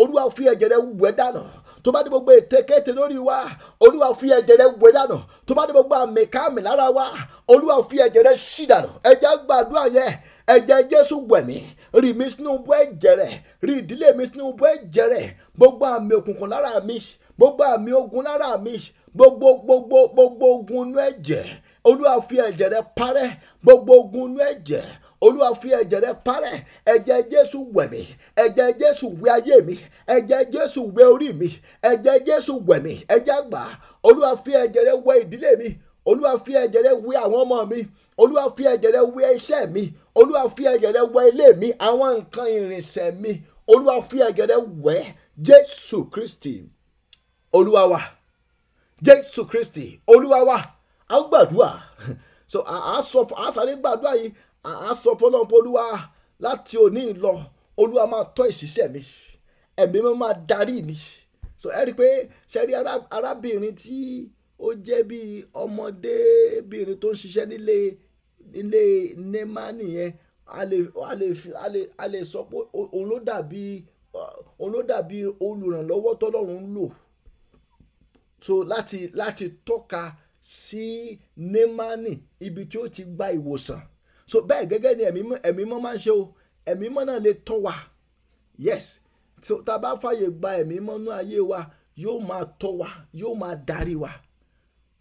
olúwa fi ẹ̀jẹ̀ rẹ̀ wẹ̀ dànù tó bá dé gbogbo ètekéte lórí wa olúwa fi ẹ̀jẹ̀ rẹ wẹ̀ dànù tó bá dé gbogbo àmìkáàmì lára wa olúwa fi ẹ̀jẹ̀ rẹ sí dànù ẹ̀jẹ̀ gbàdúrà yẹn ẹ̀jẹ̀ jésù wẹ̀mí rì mí sínú bọ́ ẹ̀jẹ̀ rẹ̀ rì ìdílé mi sínú bọ́ ẹ̀jẹ̀ rẹ̀ gbogbo àmì òkùnkùn lára mi gbogbo àmì ogun lára mi gbogbo gbogbo gbogbo ogun inú ẹ̀jẹ̀ olúwa fi ẹ̀jẹ̀ rẹ parẹ́ gbogbo ogun inú ẹ̀jẹ̀ olúwa fi ẹ̀jẹ̀ rẹ parẹ́ ẹ̀jẹ̀ jésù wẹ̀ mí ẹ̀jẹ̀ jésù wẹ̀ ayé mi ẹ̀jẹ̀ jésù wẹ̀ orí mi ẹ̀jẹ̀ jésù wẹ̀ mí ẹ̀jẹ̀ àgbà olúwa fi ẹ̀jẹ̀ rẹ wẹ̀ ìdílé mi olúwa fi ẹ̀jẹ̀ rẹ wẹ̀ àwọn ọmọ mi olúwa fi ẹ̀jẹ̀ rẹ wẹ̀ iṣẹ́ mi olúwa fi ẹ̀jẹ̀ rẹ wẹ̀ ilé mi àwọn nǹkan ìrìnsẹ̀ mi olúwa fi ẹ̀jẹ̀ rẹ wẹ̀ jésù kristi olúwa wa jésù kristi olúwa wa a gbàdúrà so a sọ a sáré gbàdúrà yìí à á sọ fọlọ́n pé olúwa láti òní lọ olúwa máa tọ́ ìṣiṣẹ́ mi ẹ̀mí mi máa darí mi so ẹ rí i pé ṣe rí arábìnrin tí ó jẹ́ bí ọmọdébìnrin tó ń ṣiṣẹ́ nílé nílé nemani yẹn a lè sọ pé òun ló dàbí òun ló dàbí olùrànlọ́wọ́ tọ́lọ́run ń lò so láti láti tọ́ka sí nemani ibi tí ó ti gba ìwòsàn so bẹ́ẹ̀ gẹ́gẹ́ ni ẹ̀mí ẹ̀mí mọ́ máa ń ṣe o ẹ̀mí mọ́ náà lè tọ́ wa yes so tá a bá fàyè gba ẹ̀mí mọ́ nú ayé wa yóò máa tọ́ wa yóò máa darí wa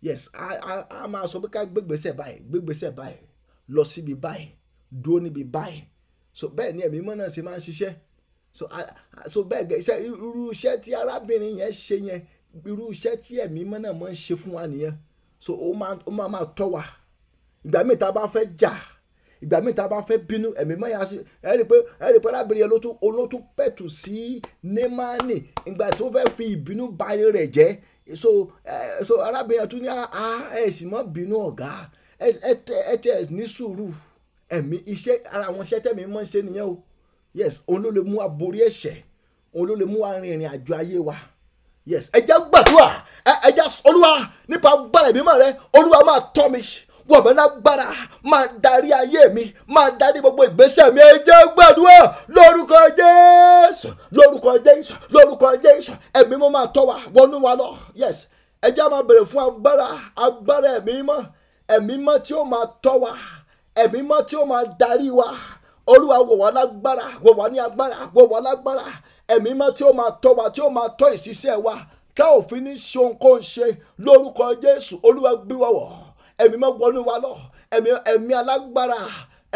yes a a a máa sọ pé ká gbégbèsè báyìí gbégbèsè báyìí lọ síbi báyìí dúró níbi báyìí so bẹ́ẹ̀ ni ẹ̀mí mọ́ náà ṣe máa ń ṣiṣẹ́ so a so bẹ́ẹ̀ gẹ iṣẹ́ irú iṣẹ́ tí arábìnrin yẹn ṣe yẹn irú iṣẹ́ tí ẹ̀mí mọ́ náà máa ń ṣe fún wa nìyẹn so ó máa ó máa máa tọ́ wa ìgbà míì tá bá fẹ́ jà. Ja ìgbà míì tá a bá fẹ́ bínú ẹ̀mí mọ́ ya sí ẹ rí i pé ẹ rí i pé lábìrin yẹn ló tún olótú pẹ̀tù sí Némánì ìgbà tó fẹ́ fi ìbínú ba rẹ̀ jẹ́ so ẹ so arábìnrin yẹn tún ní a ẹ sì mọ́ bínú ọ̀gá ẹ ẹ tẹ ní sùúrù ẹ̀mí iṣẹ́ ara àwọn iṣẹ́ tẹ̀mí mọ́ ń ṣe nìyẹn o yes òun ló lè mú wa borí ẹ̀ṣẹ̀ òun ló lè mú wa rin ìrìn àjò ayé wa yes ẹ jẹ́ gbàdúrà ẹ jẹ́ olúwa nípa gbàdúrà ìbímọ rẹ olúwa máa tọ́ mi wọ̀ mí lágbára máa darí ayé mi máa darí gbogbo ìgbésẹ̀ mi ẹ jẹ́ gbàdúrà lórúkọ jésù lórúkọ jésù lórúkọ jésù ẹ̀mí mo máa tọ́ wa wọnú wa lọ yes ẹ jẹ́ máa bèrè fún agbára agbára ẹ̀mí mọ́ ẹ̀mí mọ́ tí ó máa tọ́ wa ẹ̀mí mọ́ tí ó máa darí wa olúwa wọ̀ wá lágbára wọ̀ wá ní agbára wọ̀ wá lágbára ẹ̀mí mọ́ tí ó máa tọ́ wa tí ó máa tọ́ ìṣiṣẹ́ wa ká òfin ní ṣe ohunkóhun ṣe lórúkọ jésù olúwa gbé wa wọ̀ ẹ̀mí mọ́ wọnú wa lọ ẹ̀mí alágbára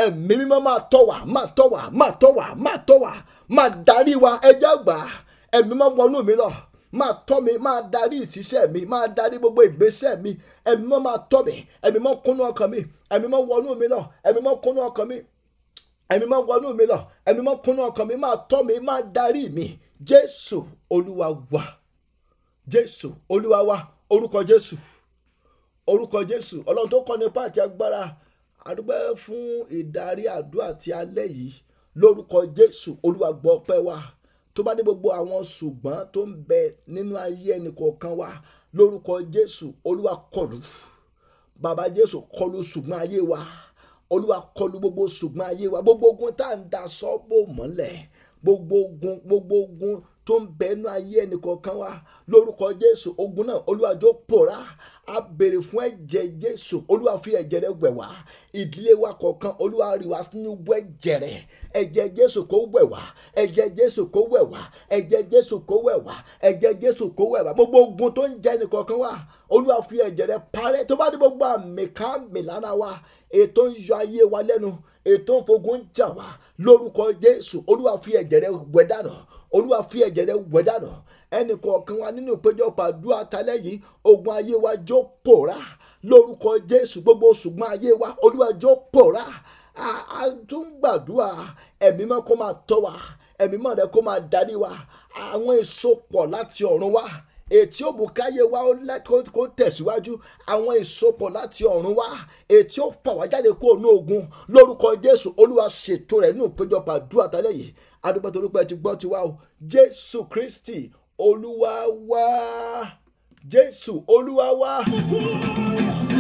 ẹ̀mí mímọ́ máa tọ́ wa máa tọ́ wa máa tọ́ wa máa tọ́ wa máa darí wa ẹjẹ́ àgbà ẹ̀mí mọ́ wọnú mi lọ máa tọ́ mi máa darí ìṣiṣẹ́ mi máa darí gbogbo ìgbésẹ̀ mi ẹ̀mí mọ́ máa tọ́ mi ẹ̀mí mọ́ kúnú ọkàn mi ẹ̀mí mọ́ wọnú mi lọ ẹ̀mí mọ́ kúnú ọkàn mi ẹ̀mí mọ́ wọnú mi lọ ẹ̀mí mọ́ kúnú ọkàn mi máa tọ́ mi máa darí mi jésù olúwa wa jésù olúwa wa orúkọ jésù orúkọ jésù ọlọ́run tó kọ́ nípa àti agbára àdúgbò fún ìdarí àdúrà ti alẹ́ yìí lórúkọ jésù olúwa gbọ́ ọpẹ́ wa tó bá ní gbogbo àwọn ṣùgbọ́n tó ń bẹ nínú ayé ẹnìkọ̀ọ̀kan wa lórúkọ jésù olúwa kọlù bàbá jésù kọlù ṣùgbọ́n ayé wa olúwa kọlù gbogbo ṣùgbọ́n ayé wa gbogbo ogun tá à ń da sọ́bò mọ́lẹ̀ gbogbo ogun gbogbo ogun tó ń bẹ nínú ayé ẹnìkọ̀ọ̀kan wa lórúkọ jésù ogun náà olúwa jó pòórá a béèrè fún ẹ̀jẹ̀ Jésù olúwa fi ẹ̀jẹ̀ rẹ̀ wẹ̀ wá ìdílé wa kọ̀ọ̀kan olúwa rí wa sínú bú ẹ̀jẹ̀ rẹ̀ ẹ̀jẹ̀ Jésù kó wẹ̀ wá ẹ̀jẹ̀ Jésù kó wẹ̀ wá ẹ̀jẹ̀ Jésù kó wẹ̀ wá ẹ̀jẹ̀ Jésù kó wẹ̀ wá gbogbo ogun tó ń jẹ nìkọ̀ọ̀kan wa olúwa fi ẹ̀jẹ̀ rẹ̀ parẹ́ tó bá dé gbogbo àmì ká mi lára wa ètò ń yọ ayé wa lẹ́nu ètò ń fogun jà wá lórúkọ Jésù olúwa fi ẹ̀jẹ̀ rẹ̀ wẹ̀ dànù olúwa fi ẹ̀jẹ̀ rẹ̀ wẹ̀ dànù ẹnì kọ̀ọ̀kan wa nínú ìpéjọpọ̀ àdúrà talẹ́ yìí ogun ayé wa jó pòórá lórúkọ Jésù gbogbo ṣùgbọ́n ayé wa Olúwa jó pòórá a tún gbàdúrà ẹ̀mí mọ́ kó máa tọ́ wa ẹ̀mí mọ́ rẹ kó máa darí wa àwọn èso láti ọ̀run wa ètí òbúkáyé wa kó tẹ̀síwájú àwọn ìsopọ̀ láti ọ̀run wa ètí ó fà wá jáde kó ònú ogun lórúkọ jésù olúwa ṣètò rẹ̀ nínú ìpéjọpọ̀ àdúrà tálẹ̀ yìí adúpẹ́ torí pé ẹ ti gbọ́ tiwa o jésù kristi olúwa wá jésù olúwa wá.